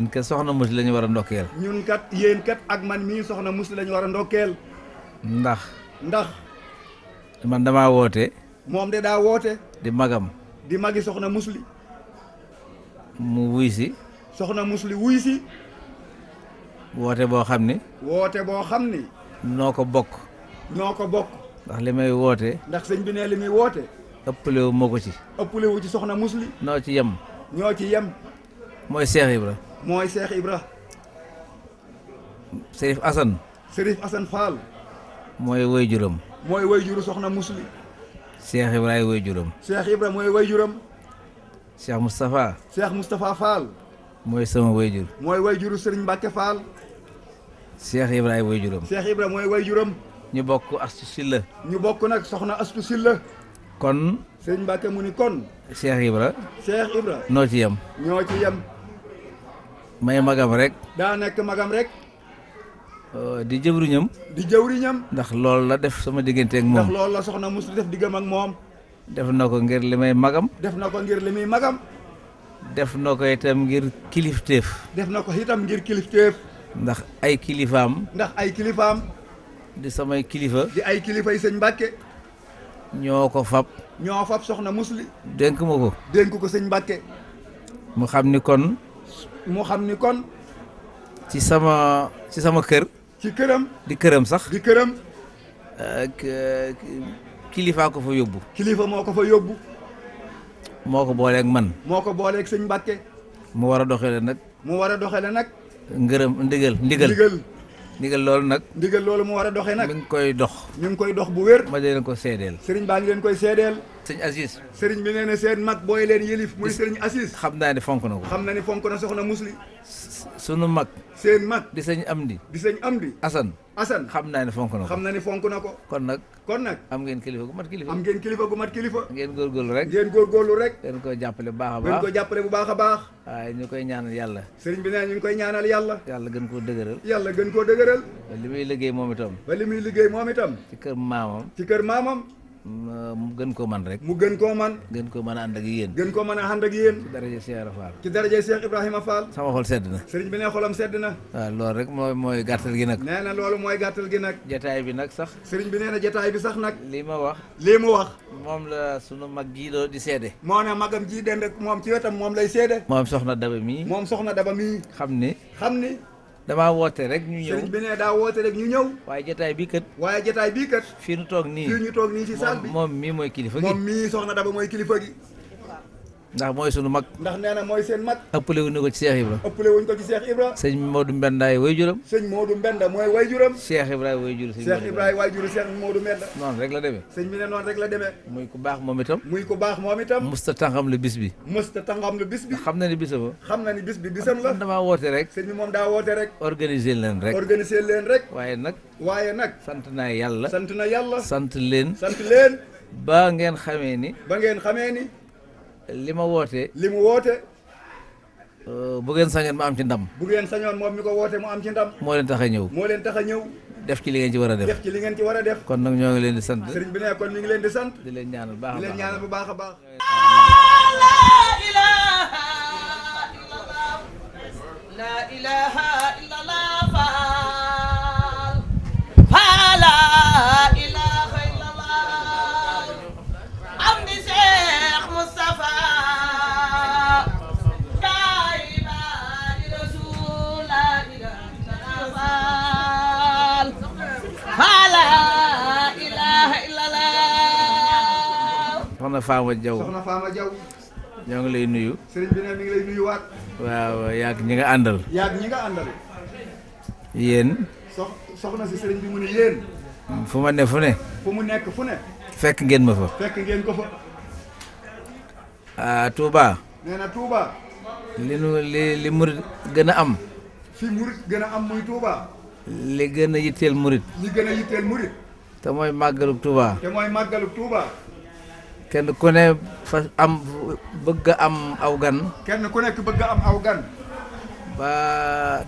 yéen soxna mus la ñu war a ndokkeel ñun kat ak man mii soxna mus la ñu war a ndokkeel ndax ndax man damaa woote moom de daa woote di magam di magi soxna musli mu wuy si soxna musli wuy si woote boo xam ni woote boo xam ni noo ko bokk ñoo ko bokk ndax li may woote ndax sëñ bi ne li muy woote ëppalewu moo ko ci ëppalewu ci soxna musli noo ci yem ñoo ci yem mooy mooy Cheikh Ibra Serif Assane Serif Assane Fall mooy way juram mooy way juru soxna musli Cheikh Ibrahima way juram Cheikh Ibra mooy way juram Cheikh Moustapha Cheikh Moustapha Fall mooy sama way jur mooy way juru Serigne Mbacke Fall Cheikh Ibrahima way juram Cheikh Ibra mooy way juram ñu bokk astu silla ñu bokk nag soxna astu silla kon Serigne Mbacke mu ni kon Cheikh Ibra Cheikh Ibra noo ci yem ñoo ci yem may magam rek da nek magam rek oh, di ñam di ñam ndax lool la def sama digënté ak mom ndax lool la soxna musul def digam ak mom def nako ngir limay magam def nako ngir limay magam def nako itam ngir kilifteef def nako itam ngir kilifteef ndax ay kilifam ndax ay kilifam di sama kilifa di ay kilifa yi seigne mbacke ñoko fab ñoo fab soxna musli denk mako denk ko seigne mbacké mu xamni kon moo xam ni kon. ci sama ci sama kër. ci këram. di këram sax. di këram. Euh, kilifa ko fa yóbbu. kilifa moo ko fa yóbbu. moo ko booleek man. moo ko booleeg sëñ Mbàkke. mu war a doxale nag. mu war a doxale nag. ngërëm ndigal ndigal ndigal loolu nag ndigal loolu mu war a doxee nag mi ngi koy dox mi ngi koy dox bu wér ma dee leen ko seedeel sëriñ baa ngi leen koy seedeel sëriñ Asis sëriñ bi nee na seen mag booy leen yëlif muy sëriñ Asis xam naa ni fonk na ko xam na ni fonk na soxna musli sunu mag seen mag di sëñ Amdi di sëñ Amdi Asan Assane xam naa ne fonk na ko xam naa ne fonk na ko kon nag kon nag am ngeen kilifa gu mat kilifa am ngeen kilifa gu mat kilifa ngeen góorgóorlu rek rek ngeen ko jàppale bu a baax ngeen ko jàppale bu baax a baax waaye ñu koy ñaanal yàlla sëriñ bi nee ñu ngi koy ñaanal yàlla yàlla gën koo dëgëral yàlla gën koo dëgëral ba li muy liggéey moom itam ba li muy liggéey moom itam ci kër maamam ci kër maamam mu gën koo man rek mu gën koo man gën koo mën a ànd ak yéen gën koo mën a ànd ak yéen ci daraje Cheikh Ibra Fall ci daraje Cheikh Ibrahima Fall sama xol sedd na sëriñ bi ne xolam sedd na waaw loolu rek mooy mooy gàttal gi nag nee na loolu mooy gàttal gi nag jataay bi nag sax sëriñ bi nee na bi sax nag lii ma wax lii mu wax moom la sunu mag jii di seede moo ne magam jii dend moom ci wetam moom lay seede moom soxna daba mii moom soxna daba mii xam ni xam ni damaa woote rek ñu ñëw sëriñ woote rek ñu ñëw waaye jataay bii kat waaye jataay bii fii ñu toog nii fii ñu toog nii ci salle moom mii mooy kilifa gi moom mii soxna Daba mooy kilifa gi ndax mooy sunu mag ndax nee na mooy seen mag ëppale wuñu ko ci Cheikh Ibra ëppale wuñu ko ci Cheikh Ibra sëñ Modou Mbenda way juram sëñ Modou Mbenda mooy way juram Cheikh Ibra way jur sëñ Cheikh Ibra way jur Cheikh Modou Mbenda noonu rek la demee sëñ bi ne noonu rek la demee muy ku baax moom itam muy ku baax moom itam musta tàngam la bis bi musta tàngam la bis bi xam na ni bisa ba xam na ni bis bi bisam la damaa woote rek sëñ bi moom daa woote rek organiser leen rek organiser leen rek waaye nag waaye nag sant naa yàlla sant na yàlla sant leen sant leen ba ngeen xamee ni ba ngeen xamee ni li ma woote. li mu woote. Euh, bugeen ngeen sañoon ci ndam. bu ngeen sañoon moom mi ko woote mu am ci ndam. moo leen tax a ñëw. moo leen tax a ñëw. def ci li ngeen ci war a def def ci war a kon nag ñoo ngi leen di sant. bi ne kon mi leen di sant. di leen ñaanal baax a baax di leen baax a baax. la ilaha faala soxna Faama Diaw soxna Faama ñoo ngi lay nuyu sëriñ bi ne mi ngi lay nuyu waat waaw yaag ñi nga àndal yaag ñi nga àndal yéen sox soxna si sëriñ bi mu ne yéen fu ma ne fu ne fu mu nekk fu ne fekk ngeen ma fa fekk ngeen ko fa ah Touba nee li nu li murit gën a am fi murit gën a am muy Touba li gën a yitteel murit li gën a yitteel murit te mooy màggalu Touba te kenn ku ne am bëgg am aw gan kenn ku nekk bëgg am aw gan ba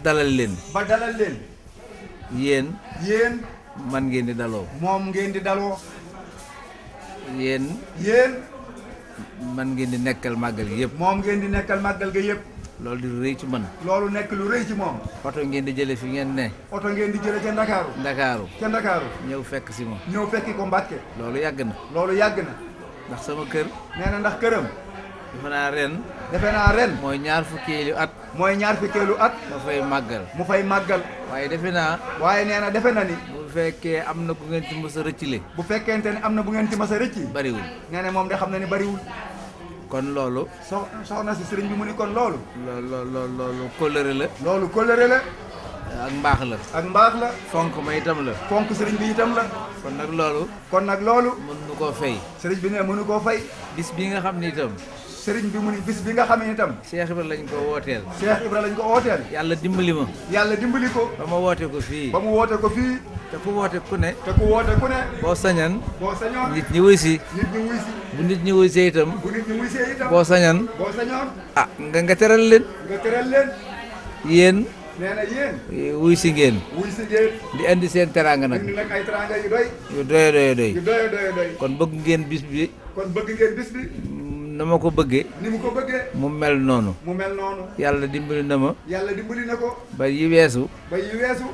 dalal leen ba dalal leen yeen yeen man ngeen di daloo mom ngeen di daloo yeen yeen man ngeen di nekkal magal yépp mom ngeen di nekkal magal ga yépp loolu di reuy ci man lolou nek lu reuy ci mom auto ngeen di jele fi ngeen ne auto ngeen di jele ci dakaru dakaru ci dakaru ñew fekk si mom ñew fekk ko mbacke lolou yàgg na ndax sama kër. nee na ndax këram. defe naa ren. defe naa ren. mooy ñaar fukkeelu at. mooy ñaar fukkeelu at. mu fay màggal. mu fay màggal. waaye defe naa. waaye nee na defe na ni. bu fekkee am na bu ngeen ci mës a rëccile. bu fekkente ne am na bu ngeen ci mës a rëcci. bariwul nee moom de xam na ni bariwul. kon loolu. sox soxna si sëriñ bi mu ni kon loolu. loolu loolu loolu kóllëre la. ak mbaax la. ak mbaax la. fonk ma itam la. fonk sëriñ bi itam la. kon nag loolu. kon nag loolu. mënuñu koo fay. sëriñ bi ne mënu koo fay. bis bi nga xam ni itam. sëriñ bi mu ni bis bi nga xam ne itam. Cheikh Ibra lañ ko wooteel. Cheikh Ibra lañ ko wooteel. yàlla dimbali ma. yàlla dimbali ko. ba ma woote ko fii. ba mu woote ko fii. te ku woote ku ne. te ku woote ku ne. boo sañan. boo sañoon nit ñi wuy si. nit bu nit ñi wuy see itam. bu nit ñi wuy see itam. boo sañan. boo sañoon. Ah, nga nga leen. nga teral leen. nee na yéen. Eh, wuy si ngéen wuy si ngeen. di andi seen teraanga nag. indi nag ay teraanga yu doy. yu doy doy doy. kon bëgg ngeen bis bi. kon bëgg ngeen bis bi. Mm, na ma ko bëgge ni mu ko bëggee. mu mel noonu. mu mel noonu. yàlla dimbali na ma. yàlla dimbali na ko. ba yi weesu. ba yi weesu.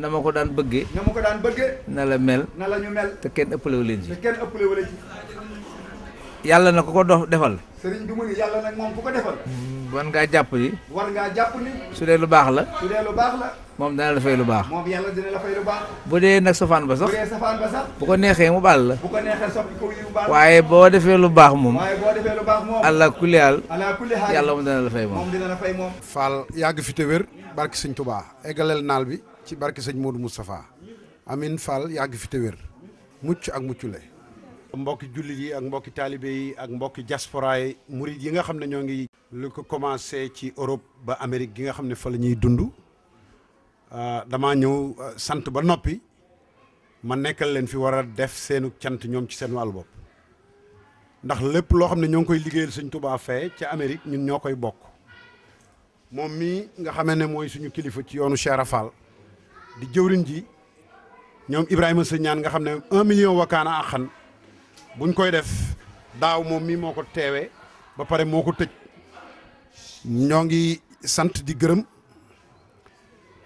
na ma ko daan bëggee. na ma ko daan bëggee. na la mel. na la ñu mel. te kenn ëppalewu leen ci. te yàlla na ko ko dof defal. sëriñ bi mu ni yàlla nag moom ku ko defal. Mm. war ngaa jàpp ni. war ngaa jàpp su dee lu baax la. moom dana la lu baax. moom yàlla dina bu dee nag safaan ba sax. bu ko neexee mu baal la. waaye boo defee lu baax moom. waaye boo defee lu baax yàlla moom dana la moom. moom yàgg fi te wér barke sëñ Touba eggaleel naal bi ci barke sëñ Modou Moustapha amin Fall yàgg fi te mucc ak muccule mbokki jullit yi ak mbokki taalibe yi ak mbokki diaspora yi murit yi nga xam ne ñoo ngi lu ko commencé ci Europe ba Amérique gi nga xam ne fa la ñuy dund ah, damaa ñëw ah, sant ba noppi ma nekkal leen fi waral def seenu cant ñoom ci seen wàllu bopp ndax lépp loo xam ne ñoo ngi koy liggéeyal Sëñ Tuubaa fee ca Amérique ñun ñoo koy bokk moom mii nga xamee ne mooy suñu kilifa ci yoonu Cheikh Rafal di jëwriñ ji ñoom Ibrahima Sëñaan nga xam ne un million wakkaana axan buñ koy def daaw moom mii moo ko teewee ba pare moo ko tëj ñoo ngi sant di gërëm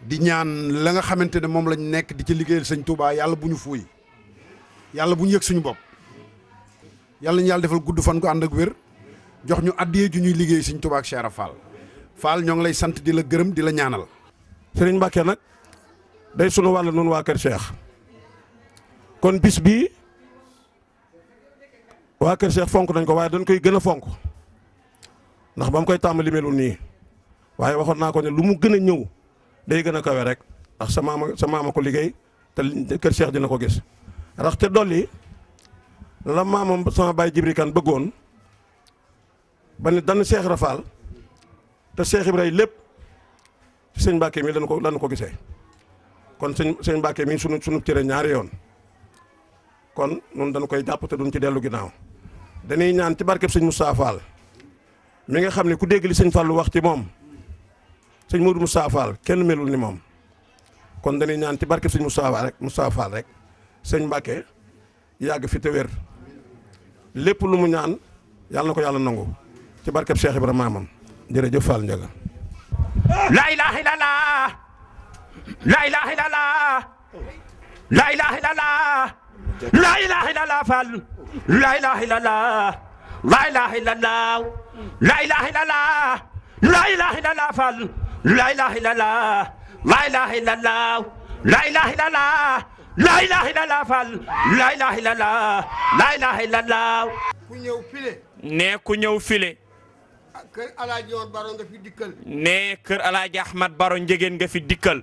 di ñaan la nga xamante ne moom lañ nekk di ci liggéeyal sëñ Touba yàlla bu ñu fuuy yàlla bu ñu yëg suñu bopp yàlla ñu yàlla defal gudd fan ko ànd ak wér jox ñu addiyee ju ñuy liggéey sëñ Touba ak Cheikh Fall Fall ñoo lay sant di la gërëm di la ñaanal. Serigne Mbacke nag day sunu wàll noonu waa Kër Cheikh kon bis bii. waa Kër Cheikh fonk dañ ko waaye dañ koy gën a fonk ndax ba mu koy tàmbali melul nii waaye waxoon naa ko ne lu mu gën a ñëw day gën a kawe rek ndax sa maama sa maama ko liggéey te Kër Cheikh dina ko gis. rax te dolli la maamam sama baay Jibri Kan bëggoon ba ne dan Cheikh Rafaal te bi Ibrahima lépp ci sëñ Mbàkke mi lañ ko lañ ko gisee kon sëñ sëñ Mbàkke mi sunu sunu cëre ñaari yoon kon nun dañ koy jàpp te duñ ci dellu ginnaaw. dañuy ñaan ci barkeb sëñ mu Fall mi nga xam ne ku dégg li sëñ lu wax ci moom sëñ Modou mu Fall kenn melul ni moom kon dañuy ñaan ci barkeb sëñ mu rek Moustapha rek sëñ Mbàkke yàgg fi te lépp lu mu ñaan yàlla na ko yàlla nangu ci barkeb Cheikh Ibrahima maamam jërëjëf Fall Ndiaga la ilaha illallah la ilaha illallah la ilaha laa ilaaha illallaah faal laa ilaaha illallaah laa ilaaha illallaah laa ilaaha illallaah laa ilaaha illallaah faal laa ilaaha illallaah laa ilaaha illallaah laa ilaaha illallaah laa ilaaha illallaah faal laa ilaaha illallaah laa ilaaha illallaah ku ñëw file nee ku ñëw file kër alaaji yoon baro nga fi dikkal nee kër alaaji ahmad baro njegéen nga fi dikkal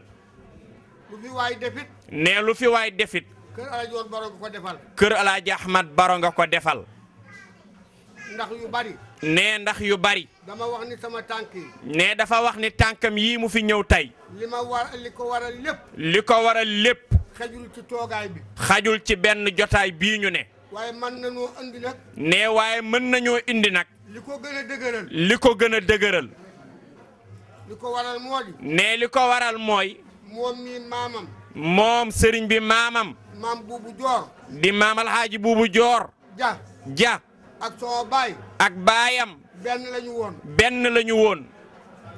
lu fi waay defit nee lu fi waay defit kër Alaaji woon ko defal. kër Alaaji Ahmad Baro nga ko defal. ndax yu bari. nee ndax yu bari. dama wax ni sama tànk yi. nee dafa wax ni tànkam yii mu fi ñëw tey. li ma li ko waral lépp. li ko waral lépp. xajul ci toogaay bi. xajul ci benn jotaay bii ñu ne. waaye mën nañoo indi nag. waaye mën nañoo indi nag. li ko gën a li ko gën a dëgëral. li ko waral moo di. li ko waral mooy. moom mii maamam. moom sëriñ bi maamam. maam buubu joor di maam alxaaji buubu joor ja ja ak soo baay ak baayam benn lañu woon benn lañu woon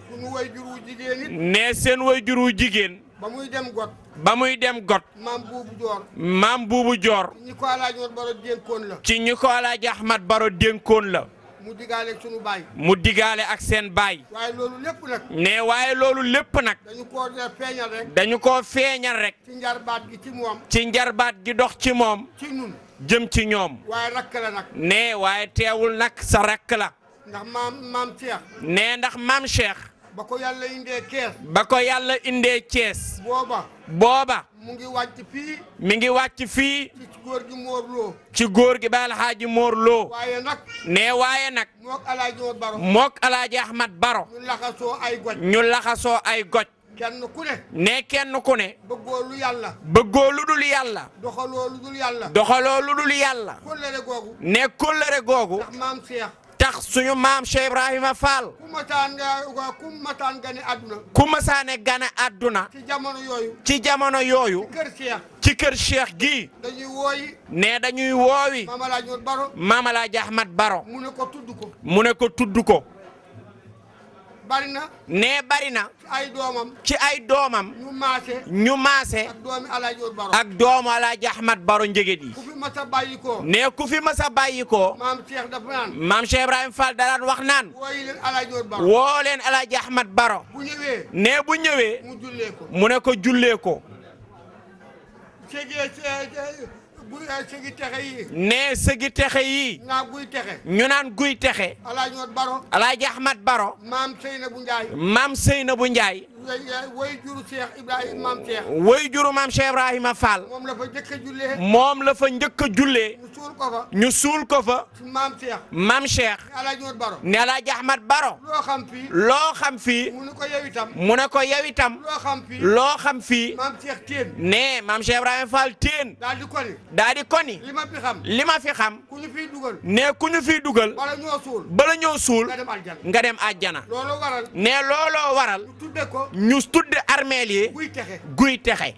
sunu way juru jigéen it ne seen way juru jigéen ba muy dem got ba muy dem got maam buubu joor maam buubu joor ci ñi ko alaaji Ahmad Baro dénkoon la ci ñi ko alaaji Ahmad Baro dénkoon la mu digaale ak sunu baay. mu digaale ak seen baay. waaye loolu lépp nag. nee waaye loolu lépp nag. dañu koo feeñal rek. dañu koo feeñal rek. ci njarbaat gi ci moom. ci njarbaat gi dox ci moom. ci ñun. jëm ci ñoom. waaye rakk nag. ne waaye teewul nag sa rakk ndax maam maam Cheikh. ne ndax maam Cheikh. ba ko yàlla indee ba ko yàlla indee cees. booba. booba. mu ngi wàcc fii. mi ngi wàcc fii. ci góor gi Mor Lo. ci góor gi ba Alhaaji Mor Lo. nag. nee waaye nag. mook Alaaji Baro. mook Alaaji Ahmad Baro. ñu laxasoo ay goj. ñu laxasoo ay goj. kenn ku ne. nee kenn ku ne. bëggoo lu yàlla. bëggoo lu dul yàlla. doxaloo yàlla. doxaloo lu yàlla. kóllëre googu. nee kóllëre googu. tax suñu maam Cheikh Ibrahima Fall. ku masaan ku masaan gane àdduna. ku masaane gane àdduna. ci jamono yooyu. ci jamono yooyu. ci kër Cheikh. ci kër Cheikh gii. dañuy ne dañuy woowi. Maam Alaaji Ahmat Baro. mu ne ko tudd ko. mu ne ko tudd ko. bari na. nee bari na. ci ay doomam. ci ay doomam. ñu maase. ñu maase. ak doomu El Hadj Baro. ak doomu El Hadj Ahmad Baro Njëgët yi. ku fi koo. nee ku masa bàyyi koo. maam Cheikh dafa maam Cheikh Ibrahima Fall daraan wax naan. woo leen El Hadj Baro. bu ñëwee. nee bu ñëwee. mu jullee mu ne ko jullee ko. buy sëgi texe yi. nee sëgi texe yi. naa guy texe. ñu naan guy texe. Alaaji Ahmad Baro. mam Ahmad Baro. maam Seyna bu Njaay. maam Seyna bu Njaay. ويجر مام شيخ ابراهيم فال موم لا فا نديك جولي ني سول كوفا مام شيخ مام شيخ نلا احمد بارو لو خام في لو خام في مونيكو ييويتام مونيكو ييويتام لو خام في لو خام في مام شيخ تين ني مام شيخ ابراهيم فال تين دادي كوني دادي كوني لما في خام لما في خام كوني في دوغال ني كوني في دوغال بالا نيو سول بالا نيو سول غادم الجنه غادم الجنه لولو وارال ني لولو وارال تودي ñu tudd armeel yi guy texe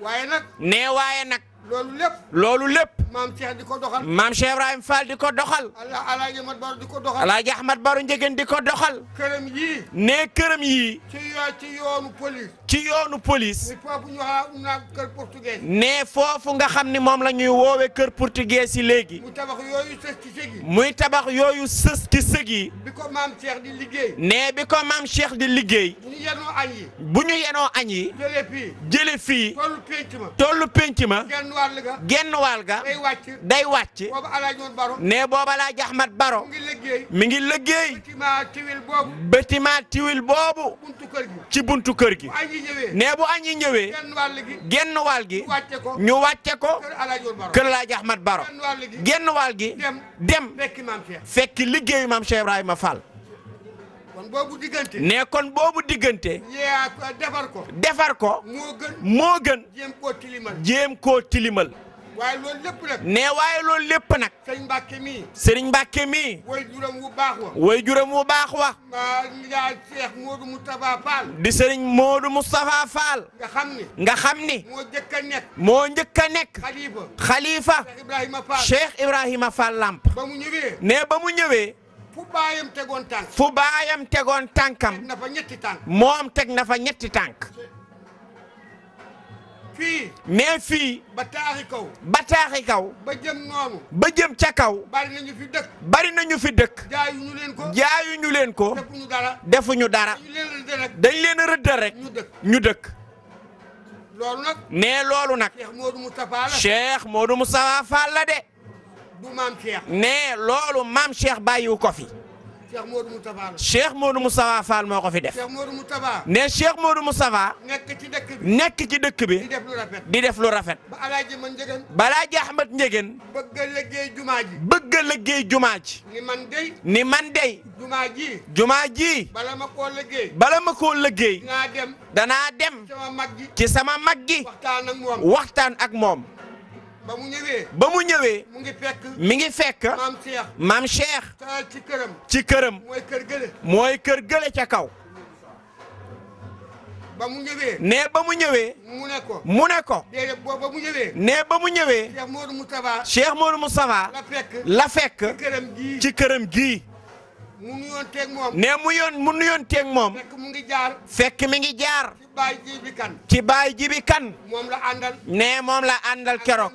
waaye nag nee waaye nag loolu lépp. loolu lépp. maam Cheikh di ko doxal. maam Cheikh Ibrahim Fall di ko doxal. allah alaaji Ahmad Baru di ko doxal. alaaji Ahmad Baru Njëgeen di ko doxal. këram yii. nee këram yii. ci yoo ci yoonu police. ci yoonu police. nee foofu nga xam ni moom la ñuy woowee kër portugais si léegi. muy tabax yooyu sës ci sëg muy tabax yooyu Cheikh di liggéey. nee bi ko Cheikh di liggéey. bu ñu yenoo añ yi. bu ñu yenoo añ yi. jëlee genn wal ga day wàcc ne booba Alaaji Ahmad Baro mi ngi liggéey bâtiment tiwil boobu ci buntu kër gi ne bu añi ñëwee genn wal gi ñu wàcce ko kër Alaaji Ahmad Baro genn waal gi dem fekki liggéeyu maam Cheikh ma Fall kon boobu diggante. ne kon defar ko. defar ko. moo gën moo gën. jéem koo tilimal jéem koo tilimal. waaye loolu lépp nag. ne waaye loolu lépp nag. sëriñ Mbacke mii. sëriñ mii. way juram wu baax wa. way wu baax wa. Moustapha Fall. di sëriñ Modou Moustapha Fall. nga xam ni. nga xam ni. moo nekk. moo Cheikh Ibrahima Fall. Cheikh Ibrahima Lamp. ñëwee. ne bamu mu fu baayam tegoon tànk. fu baayam tegoon tànkam. na fa ñetti tànk. moom teg na fa ñetti tànk. fii. mais fii. ba taaxi kaw. ba taaxi ba jëm noonu. ba ca kaw. bari nañu fi dëkk. bari nañu leen ko. jaayuñu leen ko. defuñu dara. defuñu dañ leen rëdd rek. ñu dëkk ñu dëkk. loolu nag. mais loolu nag. Cheikh Modou Moustapha la. la de. du maam Cheikh. mais loolu maam Cheikh bàyyiwu ko fi. Cheikh Modou Moustapha. Cheikh Modou Moustapha Fall moo ko fi def. Cheikh Modou Moustapha. ne Cheikh Modou Moustapha. nekk ci dëkk bi nekk ci dëkk bi. di def lu rafet di def lu rafet. ba Alaaji man Njëgën. ba Alaaji jumaa ji. ni man dey. ni man dey. jumaa ji. jumaa ji. bala ma koo liggéey. bala danaa dem. danaa ci sama mag gi. ci sama mag gi. waxtaan ak moom. ba mu ñëwee. ba mu ñëwee. mu ngi fekk. mi ngi fekk. maam Cheikh. maam Cheikh. taal ci këram. ci këram. mooy kër gële. mooy kër ca kaw. ba mu ñëwee. nee ba mu ñëwee. mu ne mu ne ko. ba mu ñëwee. nee ba mu ñëwee. Cheikh Modou Moustapha. Cheikh Modou Moustapha. la fekk. la fekk. ci këram gii ci këram gii. mu nuyoon teeg moom. nee mu yoon moom. fekk mu ngi jaar. fekk mi ngi jaar. baay ci baay jibi kan. moom la àndal. nee moom la àndal keroog.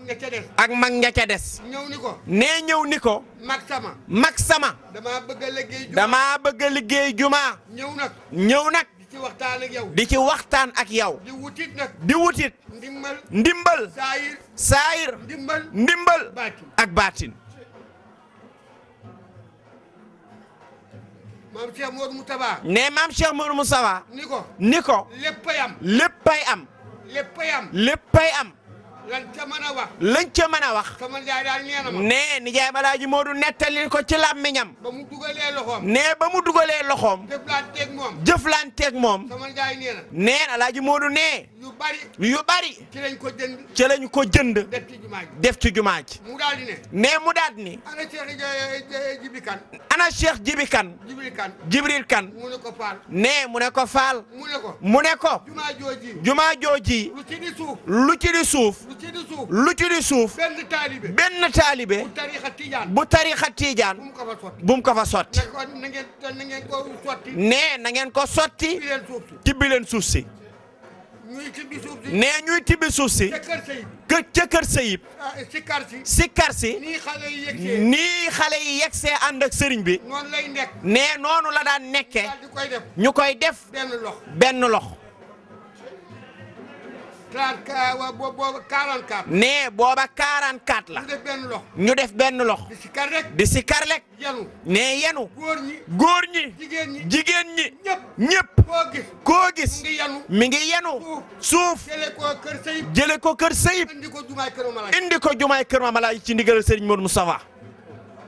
ak mag nga ca des. ñëw ni ko. nee ñëw ni ko. mag sama. mag sama. dama bëgg liggéey juma. damaa bëgg a liggéey juma. ñëw nag. ñëw nag. di ci waxtaan ak yow. di ci waxtaan ak yow. di wutit nag. di wutit. ndimbal. ndimbal. saayir. ndimbal. ndimbal. ak baatin. maam Cheikh Modou Moustapha. ne maam Cheikh Modou Moustapha. ni ko ni ko. léppay am léppay am. léppay am léppay am. lañ ca mën a wax. ca mën a wax. sama nijaay daal nee na ma. nee nijaay balaaji Moodu nettali ko ci làmmiñam. ba mu dugalee loxoom. nee ba mu dugalee loxoom. jëflanteeg moom. jëflanteeg moom. sama nee na. nee alaaji Moodu nee. yu bari. yu bari. ci lañ ko jënd. ci lañ ko jënd. def ci jumaa ji mu daal ne. nee mu daal ni ne. Eh, eh, eh, ana Cheikh Jibi Kan. Kan. Jibril Kan. Jibril ne nee mu ne ko faal. mu ne ko. mu jumaa jooji. lu ci di suuf. lu ci di suuf benn taalibe bu tariixa tiijaan bu mu ko fa sotti nee na ngeen ko sotti tibbi leen suuf si nee ñuy tibbi suuf si kë ca kër Sayib sikkar ah, si nii xale yi see ànd ak sëriñ bi nee noonu la daan nekke ñu koy def benn lox 34 waaw booba 44. nee booba 44 la. ñu benn lox. ñu def benn lox. di sikar rek. di sikar rek. yenu. nee yenu. góor ñi. góor ñi. jigéen ñi. jigéen ñi. ñëpp. ñëpp. koo gis. koo gis. mi ngi yenu. mi ngi yenu. suuf. jëlee ko kër Seyib. jëlee ko kër Seyib. indi ko jumaay kër Mamalaye. indi ko jumaay kër Mamalaye ci ndigal Serigne Modou Moustapha.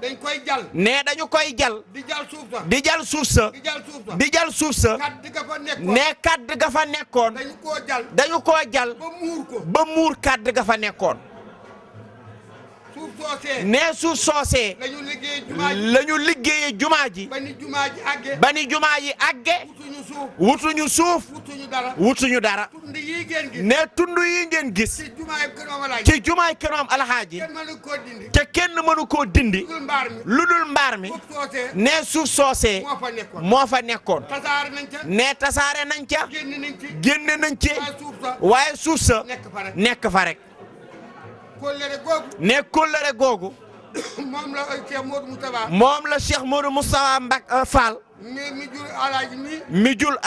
dañ koy jal nee dañu koy jal di jal suuf sa di jal suuf sa di jal suuf sa nee kàdd ga fa nekkoon dañu koo jal dañu koo jal ba muur ko ba muur kàdd gafa fa nekkoon nee su soosee la ñu liggéeyee jumaa ji ba ni jumaa yi àgge wutuñu suuf wutuñu dara ne tund yi ngeen gis ci jumaay kenoom alxaaji te kenn mënu koo dindi lu dul mbaar mi ne suuf soosee moo fa nekkoon ne tasaare nañ ca génne nañ ci waaye suuf sa nekk fa rek kóllëre googu. ne kóllëre googu. moom la Cheikh Modou Moustapha. moom la Cheikh Modou Moustapha Mbak euh, Fall. mi mi jul alhaaji mi. mi jul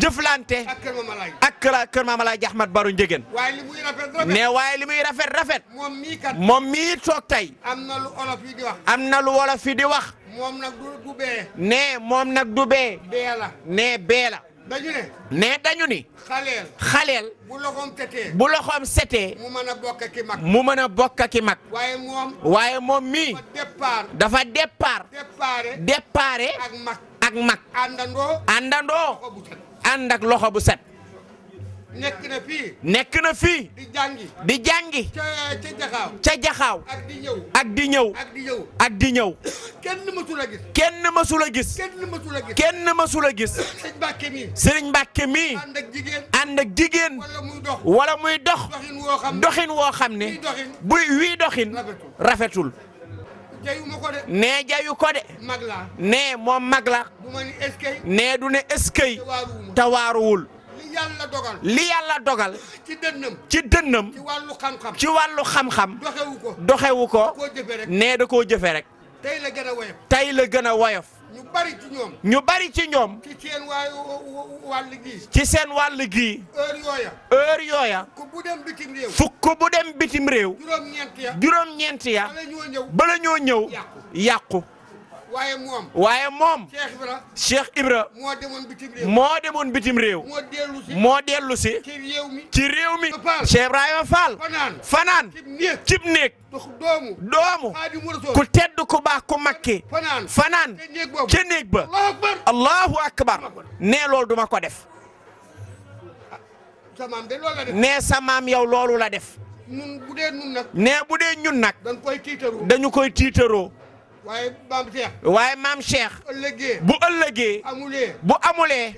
jëflante. ak kër Mamalaaji. Ahmad Baro Njegen. waaye li muy rafet rafet. ne waaye li muy rafet rafet. moom mii toog tey. am na lu di wax. am na lu di wax. moom nag du du moom nag du bee. bee la dañu ne. dañu ni. xaleel bu loxoom setee. bu loxoom setee. mu mën a bokk ak ki mag. mu mën a bokk ki mag. waaye moom. waaye moom mii. dafa départ. dafa ak mag. ak mag. àndandoo. àndandoo. ànd ak loxo bu set. nekk na fii. nekk na fii. di jàngi. di jàngi. ca ca jaxaaw. ca ak di ñëw. ak di ñëw. ak kenn mësul a gis. kenn mësul a gis. kenn mësul a gis. kenn mësul a gis. sëriñ ak jigéen. ànd ak jigéen. wala muy dox. doxin woo xam ne doxin woo xam buy wii doxin. rafetul. jayu ko de. nee jayu ko de. mag laa. nee moom mag la. du du ne eskay. te waaruwul. yàlla dogal. li yàlla dogal. ci dënnam ci dënnam. wàllu xam-xam ci wàllu xam-xam. doxewu ko doxewu ko. nee da koo jëfe rek. tey la gën a woyof. tey la gën a woyof. ñu bari ci ñoom. ñu bari ci ñoom. ci seen wàll gi ci seen wàll gii. heure yooya. heure yooya. dem bitim réew. fukk bu dem bitim réew. juróom-ñeent ya. bala ñoo ñëw. yàqu. waaye moom waaye moom. Cheikh Ibra. Cheikh Ibra. moo demoon bitim réew. moo demoon bitim réew. moo dellu si. ci réew mi. ci réew mi. fanaan fanaan. doomu. ku tedd ku baax ku makki. fanaan fanaan. ca néeg ba. allahu akbar. nee loolu duma ko def. nee sa maam yow loolu la def. nee bu dee ñun nag. dañu koy tiitaroo. dañu koy tiitaroo. waaye maam Cheikh. waaye maam Cheikh. ëllëgee bu ëllëgee. amulee bu amulee.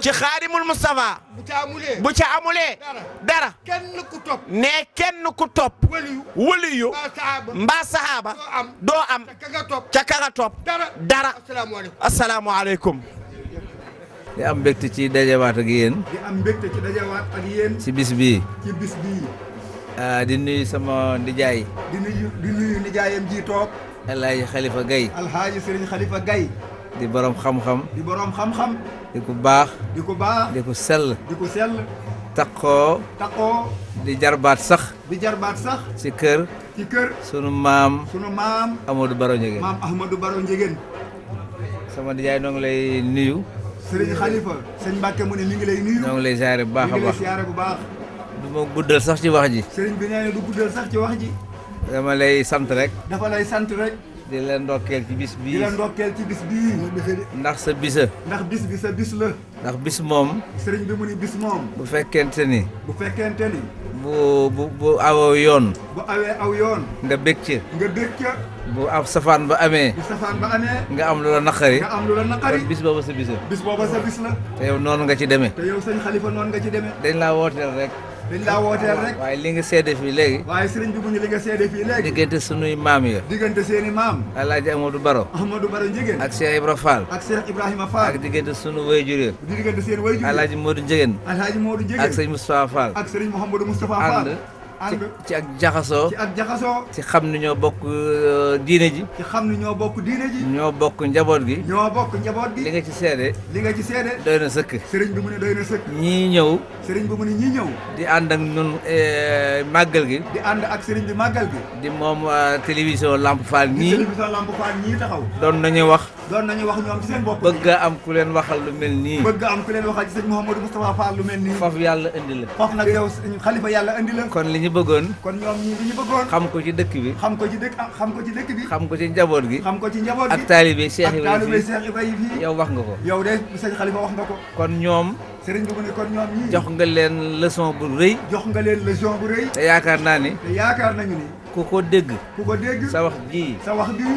ci xaadimul Mustafa bu ca amulee bu ca amulee. dara kenn ku topp. ne kenn ku topp. waliyu waliyu. mbaa saxaaba doo am ca ka nga topp. dara asalaamualeykum. di am mbégte ci dajawaat ak yéen. di am mbégte ci dajawaat ak yéen. ci bis bii. ci bis bii. di nuyu sama nijaay. di nuyu di nuyu nijaayam ji toog. alhaaji xalifa gay alhaaji sëriñ xalifa gay di boroom xam-xam di borom xam-xam di ku baax di ku baax di ku sell di ku sell taqoo taqoo di jarbaat sax di jarbaat sax ci kër kër sunu maam sunu maam Amadou Baro Njegéen maam Ahmadou Baro Njegéen sama nijaay noo ngi lay nuyu sëriñ xalifa sëñ Mbàkke mu ne mi ngi lay nuyu noo ngi lay siyaare bu baax a baax bu baax du ma guddal sax ci wax ji sëriñ bi nee na du guddal sax ci wax ji dama lay sant rek dafa lay sant rek di len ndokkeel ci bis bi di len ndokkeel ci bis bi ndax sa bisa ndax bis bi sa bis la ndax bis mom. serigne bi muni bis mom bu fekente ni bu fekente ni bu bu bu awo yon bu awé aw yon nga bég nga bég bu af safaan ba amé bu safaan ba amé nga am lula nakari nga am lula nakari bis bobu sa bis bis bobu sa bis la te yow non nga ci démé te yow serigne khalifa non nga ci démé dañ la wotel rek dañ la wotel rek waye li nga sédé fi légui waye serigne bi bu ya digënté seeni maam alhaji amadou baru. amadou baro baru kan? ak cheikh ibrahima fall ak cheikh ibrahima fall ak digënté sunu wayjur ya digënté seen wayjur alhaji modou njëgen alhaji modou njëgen ak serigne mustapha fall ak ci ak jaxasoo ci ak jaxasoo ci xam ni ñoo bokk euh, diine ji xam ni ñoo bokk diine ñoo bokk njaboot gi ñoo bokk njaboot gi li nga ci seede li nga ci seede doy na sëkk sëriñ bi mu ne doy na sëkk ñii ñëw sëriñ bi mu ne ñii ñëw di ànd ak ñun euh, maggal gi di ànd ak sëriñ bi màggal gi di moom euh, télévision Lamp Fall ñii télévision Lamp Fall ñii taxaw doon nañu wax doon nañu wax ñoom ci seen bopp. bëgg am ku leen waxal lu mel nii. bëgg am ku leen waxal ci sëñ Mouhamadou Moustapha Fall lu mel nii. foofu yàlla indi la. foofu nag yow xalifa yàlla indi kon li ñu bëggoon. kon ñoom ñii li ñu bëggoon. xam ko ci dëkk bi. xam ko ci dëkk xam ko ci dëkk bi. xam ko ci njaboot gi. xam ko ci njaboot ak taalibe Cheikh Ibrahima ak taalibe fii. yow wax nga ko. yow de sëñ xalifa wax nga ko. kon ñoom. sëriñ bi mu ne kon ñoom ñii. jox nga leen leçon bu rëy. jox nga leen leçon bu rëy. te yaakaar naa ni. te yaakaar nañu ni. ku dégg. ku ko dégg. sa wax ji. sa wax ji.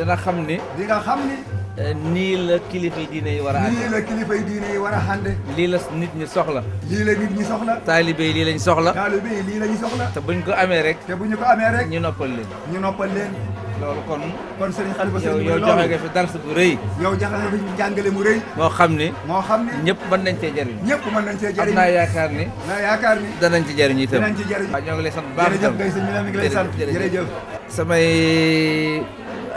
dina xam ni. di nga xam ni. Eh, nii la kilifa yi diine yi war a. ànd nii la kilifa yi diine yi war a ànd. lii la nit ñi soxla. lii la nit ñi soxla. taalibe yi lii lañ soxla. taalibe yi lii lañ soxla. te buñ ko amee rek. te buñ ko amee rek. ñu noppal leen. ñu noppal leen. loolu kon. kon Serigne Khalifa Serigne yow joxe nga fi dars bu rëy. yow joxe nga fi jàngale mu rëy. moo xam ni. moo xam ni ñëpp mën nañ cee jëriñ. ñëpp mën nañ cee jëriñ am naa yaakaar ni. naa yaakaar ni danañ ci jëriñ itam. danañ ci jëriñ waaw ñoo ngi lay sant bu baax. jërëjëf Guèye sëñ bi mi ngi lay sant jërëjëf samay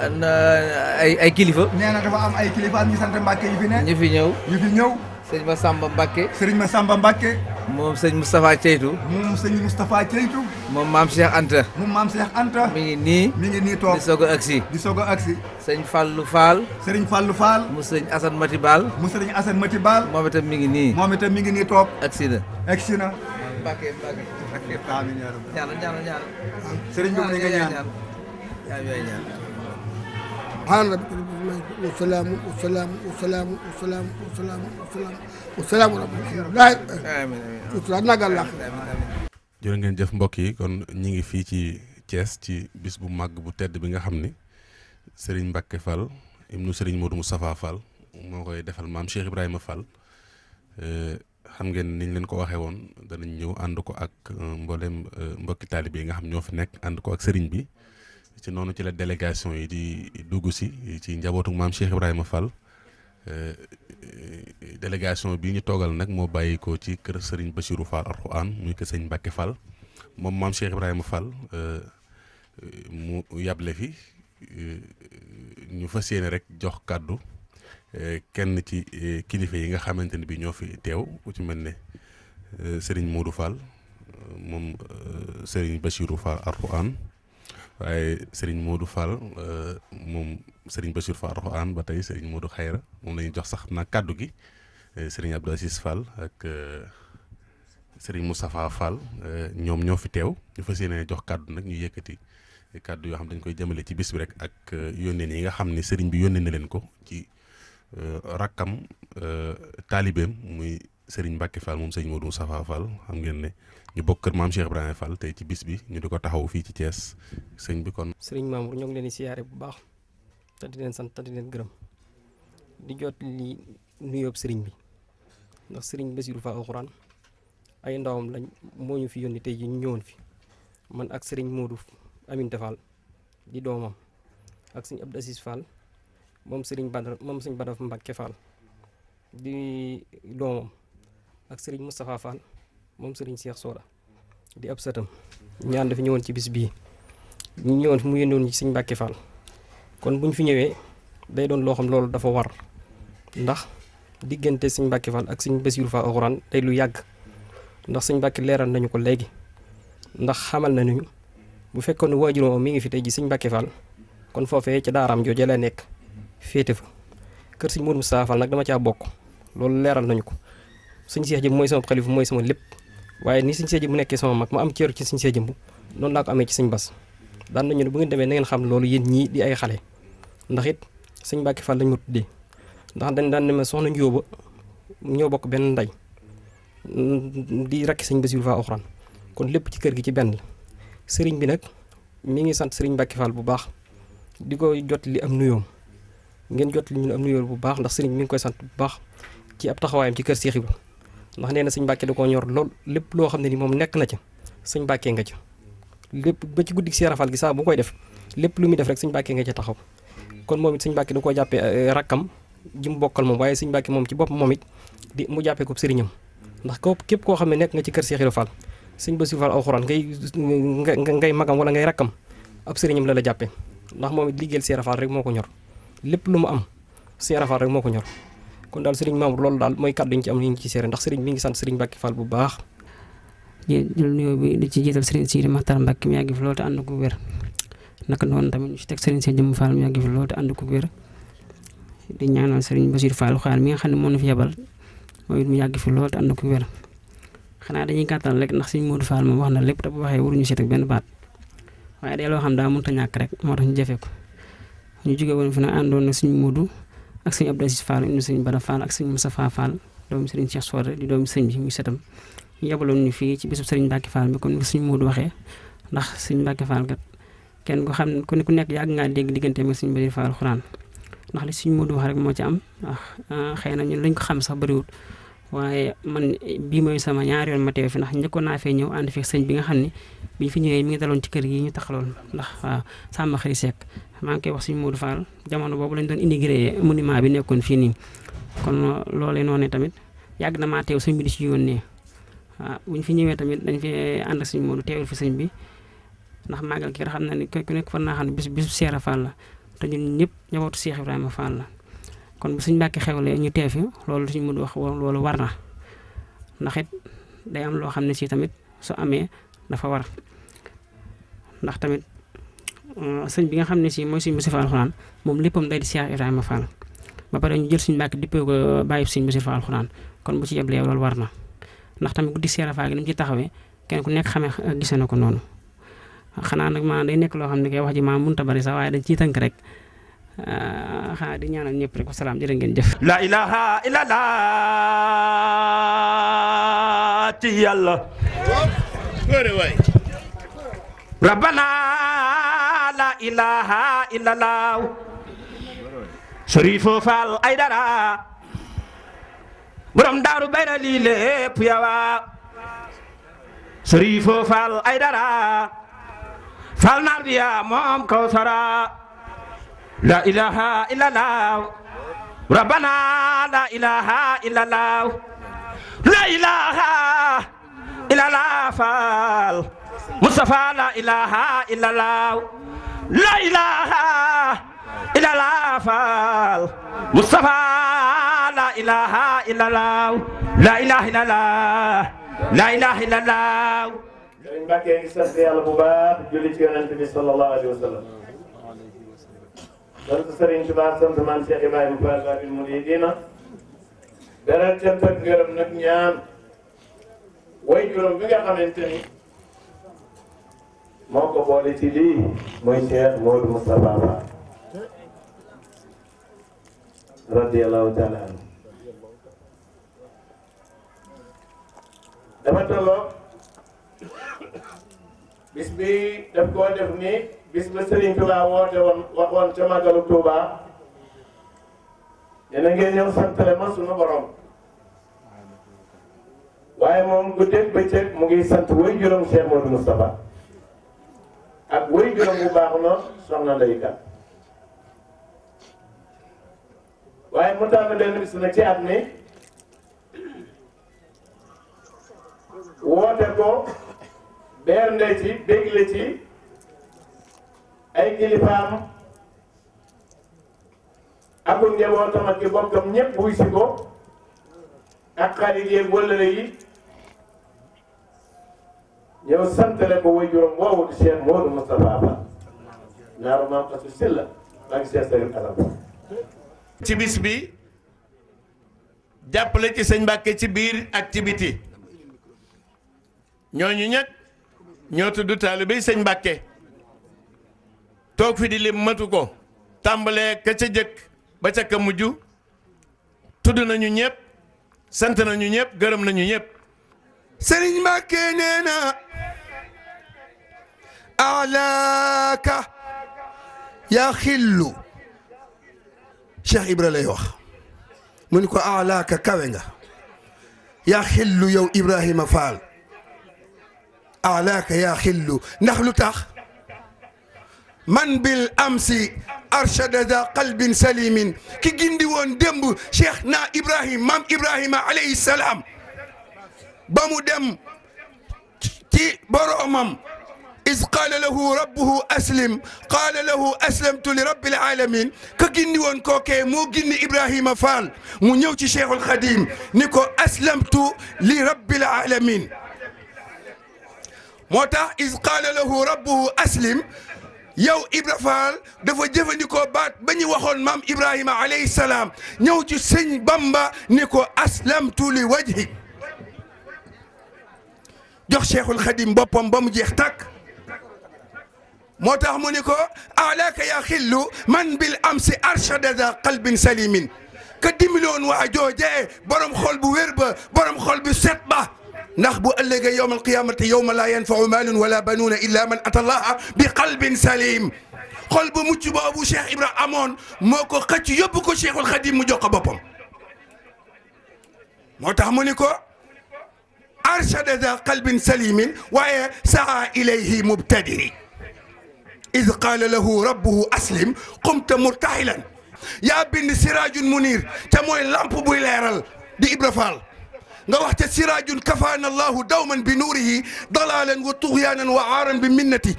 ay uh, ay kilifa. nee na dafa am ay kilifa am ñu sant Mbacke yu fi ne. ñu fi ñëw ñu fi ñëw. sëñ Massamba Mbacke. sëriñ Massamba Mbacke. moom sëñ Moustapha Ceytu. moom sëñ Moustapha Ceytu. moom maam Cheikh Anta. moom maam Cheikh Anta. mi ngi nii. mi ngi nii toog di soog a agsi. di soog a agsi. sëñ Fallou Fall. sëriñ Fallou Fall. mu sëñ Assane Mati Baal. mu sëriñ Assane Mati Baal. itam mi ngi nii. moom itam mi ngi nii toog. agsi na agsi na. Mbacke Mbacke. Mbacke Paa ñaar ñaar ñaar. sëriñ bi mu ñaan. yaa ngi ñaan. subhaana rabbika rabbil izzati wasalaamu wasalaamu wasalaamu wasalaamu ngeen jëf mbokk yi kon ñi ngi fii ci Thiès ci bis bu màgg bu tedd bi nga xam ni Serigne Mbacke Fall ibnu Serigne Modou Moustapha Fall moo koy defal maam Cheikh Ibrahima Fall eh, xam ngeen niñ leen ko waxee woon danañ ñëw ànd ko ak eh, mboolem eh, mbokki taalibe yi nga xam ñoo fi nekk ànd ko ak sëriñ bi ci noonu ci la délégation yi di dugg si ci njabootu maam Cheikh Ibrahima Fall euh, délégation bi ñu toogal nag moo bàyyi ko ci kër Serigne Bachirou Fall Alxuraan muy kër Serigne Mbacke moom maam Cheikh Ibrahima Fall euh, mu yàble fi euh, ñu fas yéene rek jox kàddu kenn ci kilifa yi nga xamante ne bi ñoo fi teew ku ci mel ne Serigne Modou Fall moom Serigne Bachirou Fall Alxuraan waaye sëriñ Modou Fall euh, moom sëriñ Bachir Fall Alxuraan ba tey sëriñ Modou Xayra moom la ñuy jox sax na kaddu fal, gi euh, sëriñ Abdou Aziz Fall ak euh, sëriñ Moustapha Fall ñoom ñoo fi teew ñu fas yéene jox kaddu nag ñu yëkkati kaddu yoo xam dañ koy jëmale ci bis bi rek ak yónneen yi nga xam ne sëriñ bi yónnee na leen ko ci rakkam taalibeem muy sëriñ Mbacke Fall moom sëriñ Modou Moustapha Fall xam ngeen ne ñu bokk kër maam Cheikh Ibrahima Fall tey ci bis bi ñu di ko taxaw fii ci Thiès sëñ bi kon. sëriñ Mamour ñoo ngi leen di siyaare bu baax te di leen sant te di leen gërëm di jot li nuyoob sëriñ bi ndax sëriñ Bassirou fa alquran ay ndawam lañ moo ñu fi yónni tey ji ñu ñëwoon fi man ak sëriñ Modou amin Fall di doomam ak sëñ Abdou Assis Fall moom sëriñ badar moom sëñ badar Mbacke Fall di doomam ak sëriñ Moustapha Fall. moom sëriñ Cheikh Soda di ab sëtam ñu ànd ñëwoon ci bis bii ñu ñëwoon fi mu yëndoon ci sëñ Mbàkke Fall kon bu ñu fi ñëwee day doon loo loolu dafa war ndax diggante sëñ Mbàkke Fall ak sëñ Basiiru Fall Alxuraan day lu yàgg ndax sëñ Mbàkke leeral nañu ko léegi ndax xamal nañu bu fekkoon waajuram mi ngi fi tey ji sëñ Mbàkke Fall kon foofee ca daaraam jooje la nekk féete fa kër sëñ Mourou Moustapha nag dama caa bokk loolu leeral nañu ko sëñ Seex ji mooy sama mooy sama lépp waaye ni sëñ Seydou bu nekkee sama mag ma am cër ci sañ sëñ Seydou noonu laa ko amee ci sañ bas daan nañu ne bu ngeen demee na ngeen xam loolu yéen ñii di ay xale ndax it sëñ Mbàkke Fall lañ ma tuddee ndax dañ daan ne ma soxna Njóoba ñoo bokk benn nday di rakk sëñ Bassirou Fall Alxuraan kon lépp ci kër gi ci benn la sëriñ bi nag mu ngi sant sëriñ Mbàkke Fall bu baax di koy jot li am nuyoom ngeen jot li ñu am nuyoo bu baax ndax sëriñ bi mi ngi koy sant bu baax ci ab taxawaayam ci kër Seex Ibra ndax neena seigne sëñ dako ñor lol lepp lo xamne ni mom nek na ci seigne Mbàkke nga ci lepp ba ci guddik gi gi sa bu koy def lepp lu mi def rek seigne Mbàkke nga ci taxaw kon momit seigne sëñ dako jappé rakam jàppee eh, eh, rakkam ji mu bokkal moom waaye sëñ ci bop momit di mu jappé ko sëriñam ndax ko kep ko xamne nek nga ci keur cheikh rafal seigne bassi Bassirou Fall alxuraan ngay ngay magam wala ngay rakam ab sëriñam la la jappé ndax momit it cheikh rafal rek moko ñor lepp lu mu am rafal rek moko ñor kon dal serigne Mamour lol dal moy kaddu ñu ci am ñu ci séré ndax serigne mi ngi sant serigne Mbacke Fall bu baax jël nuyoo bi di ci jital serigne Sidi Maxtar Mbacke mi yagi fi and ko wër nak non tam ñu ci tek serigne Sidi Jëmm Fall mi yagi fi and ko wër di ñaanal serigne basir Fall xaar mi nga xamni mo ñu fi yabal moy mi yagi fi loolu and ko wër xana dañuy gàttal rek ndax serigne Modou Fall mo wax na lépp te bu waxee waruñu si teg benn baat waye day lo xam da mu ta ñak rek mo tax ñu jëfé ko ñu jóge woon fi na andon na serigne Modou ak sëñ Abdou Aziz Fall ibnu sëñ Bara Fall ak sëñ Moustapha Fall doomu sëriñ Cheikh Soore di doomu sëñ bi muy setam ñu yebaloon ñu fii ci bisub sëriñ Mbacke Fall bi comme ni ko sëñ Moodu waxee ndax sëñ Mbacke Fall kat kenn ko xam ku ne ku nekk yàgg ngaa dégg diggante mag sëñ Basiir Fall Xuraan ndax li mu Moodu wax rek moo ci am ah xëy na ñun lañ ko xam sax bëriwul waaye man bii mooy sama ñaari yoon ma teew fi ndax njëkkoon naa fee ñëw ànd fi sëñ bi nga xam ne biñ fi ñëwee mi ngi daloon ci kër gi ñu taxaloon ndax waaw sàmm xëy sekk maa ngi koy wax suñu Modou Fall jamono boobu lañ doon intégré monument bi nekkoon fii nii kon loolee noonu tamit yàgg na maa teew sëñ bi di ci nii waaw bu ñu fi ñëwee tamit dañ fi ànd ak suñu Modou sëñ bi ndax màggal gi nga xam ne ni ku nekk fan naa xam ne bis bisu Seera Fall la te ñun ñëpp njabootu Cheikh Ibrahima Fall la kon bu suñ mbàkki xewlee ñu fi loolu suñu Modou wax loolu war na ndax it day am loo xam ne si tamit su amee dafa war ndax tamit Euh, sëñ bi nga xam ne si mooy sëñ Moussa Fall alxuraan moom léppam day di Cheikh Ibrahima Fall ba pare ñu jël suñu mbàkk dippé ko euh, bàyyi sëñ Moussa alxuraan kon bu ci yeblee loolu war na ndax tamit guddi Cheikh Fall gi ni mu ci taxawee kenn ku nekk xamee euh, gise na ko noonu xanaa nag maanaam day nekk loo xam ne kay wax ji maanaam munta bari sax waaye dañ ciy tënk rek xanaa di ñaanal ñëpp rek wasalaam jërë ngeen jëf la ilaha la ci yàlla rabbana ilaha illallah Cherifou Fall Aidara borom daaru bayra lii lépp yawa Cherifou Fall Aidara Fall naar bi yaa moom Kawsara la ilaha illallah rabbana la ilaha illallah la ilaha illallah Fall Mustafa la ilaha illallah la ilaha illa allah faal Mustafa la ilaha illa allah la ilaha illa allah la ilaha illa allah Sëriñ Mbàkke ngi sant yàlla bu baax julli ci yonent bi sallallahu alayhi wa sallam sant Sëriñ Tuubaa sant maam Cheikh Ibrahima Fall Babil Muridiina beral cant ak gërëm nag ñaan way juróom bi nga xamante ni moko ko boole ci lii mooy Cheikh Modou Moustapha Ba radiyallahu taala anhu dafa tolloo bis bi daf koo def mi bis ba Serigne Touba woote woon waxoon ca Magalu Touba dina ngeen ñëw santale ma sunu borom waaye moom guddeeg bëccëg mu ngi sant way juróom Cheikh Modou Moustapha ak wéy juróom bu baax la soxna Ndeye Ka waaye mu tàmm benn bis nag ci at mi woote ko bernde ci bégle ci ay kilifaam aku njabootam ak ki bokkam ñëpp wuy ko ak xarit yeeg wëllëre yi yow santale ko way juróom woowu di Cheikh Modou Moustapha ci bis bi jàppale ci sëñ Mbàkke ci biir ak ci biti ñooñu ñag ñoo tudd taalibe sëñ Mbàkke toog fi di lim matu ko tàmbalee ka ca jëkk ba ca ka mujj tudd nañu ñëpp sant nañu ñëpp gërëm nañu ñëpp sëriñ Mbàkke nee alaaka yaa xillu Cheikh Ibra mu ni ko alaaka kawe nga yaa xillu yow Ibrahima Fall alaaka yaa xillu ndax lu tax man bil amsi arshada da qalbin salimin ki gindi woon démb Cheikh na Ibrahima maam Ibrahima alayhi ba mu dem ci boromam إذ قال له ربه أسلم قال له أسلمت لرب العالمين كجني ونكوك مو جني إبراهيم فال منيوت شيخ القديم نكو أسلمت لرب العالمين موتا إذ قال له ربه أسلم يو إبرافال دفا جفنكو بات بني وخون مام إبراهيم عليه السلام نيوت سن بامبا نكو أسلمت لوجهك جوخ شيخ الخديم بوبوم بامو جيختاك تاك موتاه مونيكو اعلاك يا خلو من بالامس ارشد ذا قلب سليم كدي واجو وعجوجي برم خول بويرب برم خول بسطبة نخبو اللي يوم القيامة يوم لا ينفع مال ولا بنون إلا من أتى الله بقلب سليم قلب مجبو أبو شيخ إبراهيم أمون موكو قتش يبكو شيخ الخديم مجوكو بابم موتاه مونيكو أرشد ذا قلب سليم وإيه سعى إليه مبتدئ إذ قال له ربه أسلم قمت مرتحلا yaa bind siraajun muniir te mooy lamp buy leeral di Ibra Faal nga wax te siraajun kafaana allahu dawman bi nuurihi dalaalan wa tuxyaanan wa aaran bi minnati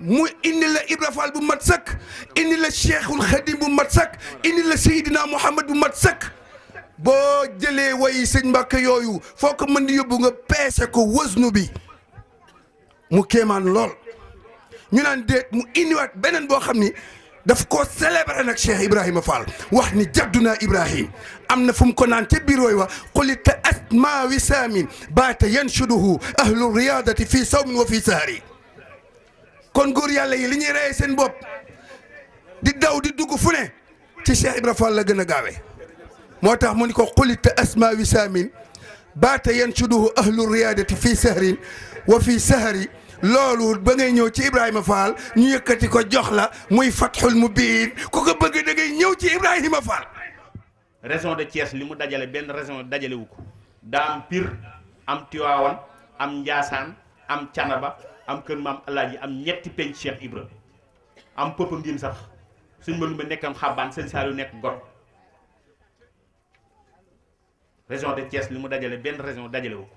mu indi la Ibra Faal bu mat sëkk indi la Cheikhul Xadim bu mat sëkk indi la Seydina Muhammad bu mat sëkk boo jëlee way sëñ Mbàkke yooyu foo ko mën di yóbbu nga peese ko wasnu bi mu kéemaan lool ñu naan déet mu indiwaat beneen boo xam ni daf koo célébrer nag Cheikh Ibrahima Fall wax ni jadduna Ibrahim am na fu mu ko naan ca wa qulita asma wisaamin baata yanshuduhu ahlu riyadati fii sawmin wa fii sahari kon góor yàlla yi li ñuy reye seen bopp di daw di dugg fu ne ci Cheikh Ibrahima Fall la gën a gaawee mu ni ko qulita asma wisaamin baata yanshuduhu ahlu riyadati fii sahrin wa fii sahari loolu ba ngay ñëw ci Ibrahima Fall ñu yëkkati ko jox la muy Fathul Mubin ku ko bëgg da ñëw ci Ibrahima Fall. région de Thiès li mu dajale benn région dajalewu ko daa am Pire am Tiwaawan am Njaasaan am Canaba am Kër Maam Alaaji am ñetti penc Cheikh Ibra am pëpp ngim sax suñ ma lu ma nekkam xabbaan sëñ Saalu nekk got région de Thiès li mu dajale benn région dajale wu ko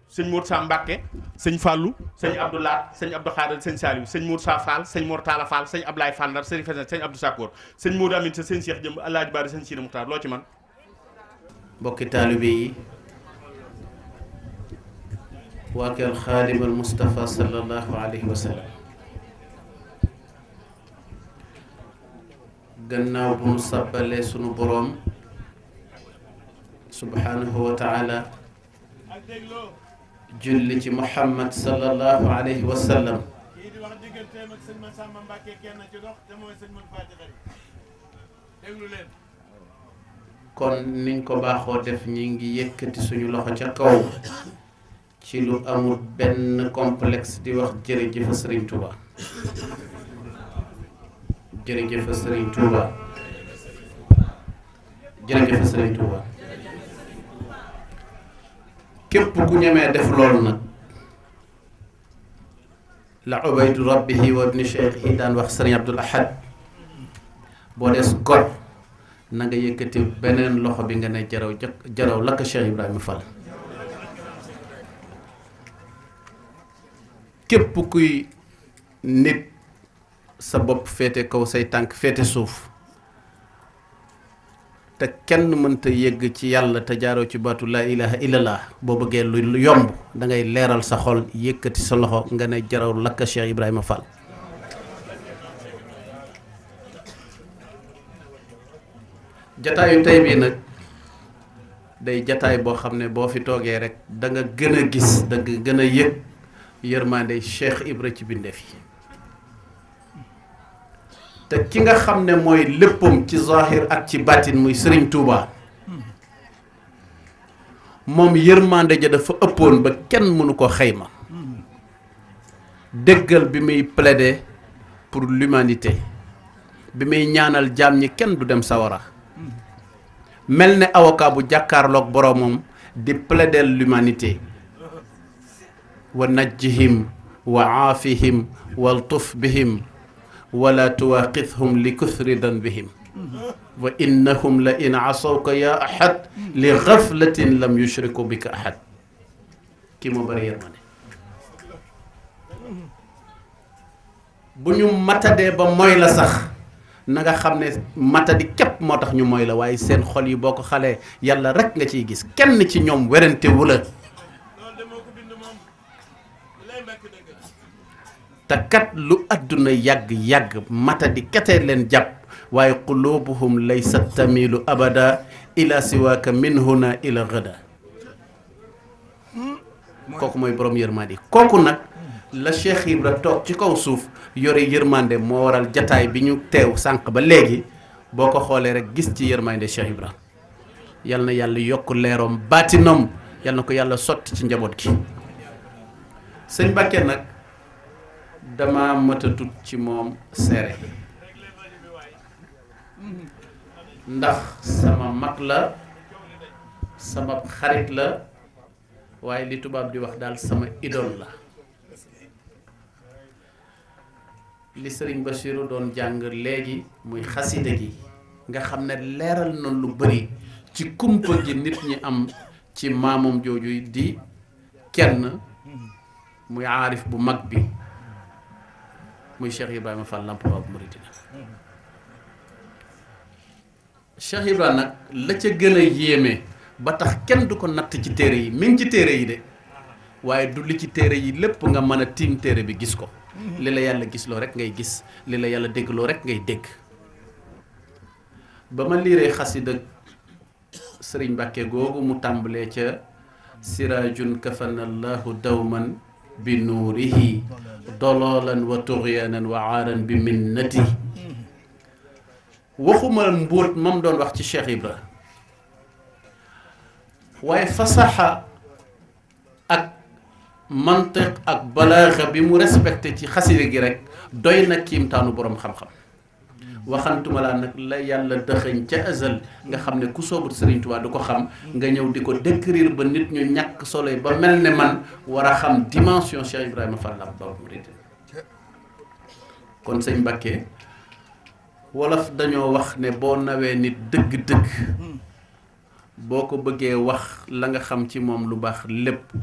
sëñ Moursa Mbacke sëñ Fallou sëñ Abdoulaat sëñ Abdou Khadre sëñ Saliou sëñ Moursa Fall sëñ Mortala Fall sëñ Ablaye Fall Ndar sëñ Fesen sëñ Abdou Sakkoor sëñ Modou Amin sa sëñ Cheikh Jëmb Alaaji Baari sëñ Sidi Muxtaar loo ci man mbokki taalibe yi waa kër Xaadimal Mustafa sallallahu alayhi wa sallam gannaaw bu nu sàbbalee sunu boroom subhanahu wa taala julli ci muhammad sallallahu alayhi wa sallam kon niñ ko baaxoo def ñi ngi yëkkati suñu loxo ca kaw ci lu amul benn complex di wax jërëjëf sëriñ Touba jërëjëf sëriñ Touba jërëjëf sëriñ Touba كيف كنا ما يدف لولنا لعبيد ربه وابن شيخه دان وخسرين عبد الأحد بوليس قر نغا يكتي بنين لخو بيغا ني جراو جراو لك شيخ ابراهيم فال كيب كوي نيت سبب فيتي كو سي تانك فيتي سوف te kenn mënta yëgg ci yàlla te jaaroo ci baatu laa ilaha illallah boo bëggee lu yomb dangay leeral sa xol yëkkati sa loxo nga ne jaraw lakka Cheikh Ibrahima Fall jataayu tey bii nag day jataay boo xam ne boo fi toogee rek danga gën a gis da gën a yëg yërmaande Cheikh Ibra ci bindeef yi te ki nga xam ne mooy léppam ci zahir ak ci batin muy sëriñ Touba moom yërmande ja dafa ëppoon ba kenn mënu ko xayma dëggal bi muy plaider pour l'humanité bi muy ñaanal jaam ñi kenn du dem sawara mel ni avocat jàkkaarlook jàkkaarloog boroomam di plaider l'humanité wa najjihim wa aafihim waltuf bihim ولا تواقثهم لكثر ذنبهم وإنهم لئن عصوك يا أحد لغفلة لم يشركوا بك أحد كما بريان ماني بنيو متى دي بموي سخ نغا خمني متى دي كيب موتخ نيو موي لواي سين خولي بوكو خالي يالا رك نتي جيس كن نتي نيوم ورنتي ولد te lu adduna yàgg-yàgg matadi katee leen jàpp waaye qulubuhum laysat tamilu abada ila siwaaka min huna ila gada kooku mooy borom yërmande kooku nag la Cheikh Ibra toog ci kaw suuf yore yërmande moo waral jataay bi ñu teew sanq ba léegi boo ko xoolee rek gis ci yërmande Cheikh yal na yàlla yokk leeroom baatinam yal na ko yàlla sotti ci njaboot gi sëñ Bakke nag dama mëtatut ci moom seere ndax sama mag la sama xarit la waaye li tubaab di wax daal sama idoon la li sëriñ Basiru doon jàng léegi muy xasida gi nga xam ne leeral na lu bari ci kumpa gi nit ñi am ci maamum jooju di kenn muy aarif bu mag bi muy Cheikh Ibrahima Fall Lamp Baab Mouridina Cheikh Ibrahima nag la ca gën a yéeme ba tax kenn du ko natt ci téere yi mi ci téere yi de waaye du ci téere yi lépp nga mën a tiim téere bi gis ko li la yàlla gisloo rek ngay gis li la yàlla déggloo rek ngay dégg ba ma liiree xasida sëriñ Mbàkke googu mu tàmbalee ca siraajun kafanallahu dawman بنوره ضلالا وطغيانا وعارا بمنته وخما نبوت مام دون وقت الشيخ ابراهيم واي فصحى اك منطق اك بلاغه بمو ريسبكت تي دوينا كيم تانو بروم خام خام waxantuma laa nag la yàlla dëxëñ ca azal nga xam ne ku soobut Serigne Touba du ko xam nga ñëw di ko décrire ba nit ñu ñàkk solo ba mel ne man war a xam dimension Cheikh Ibrahima Fall Baol Mouridina kon sëñ Mbacké wolof dañoo wax ne boo nawee nit dëgg-dëgg ko bëggee wax la nga xam ci moom lu baax lépp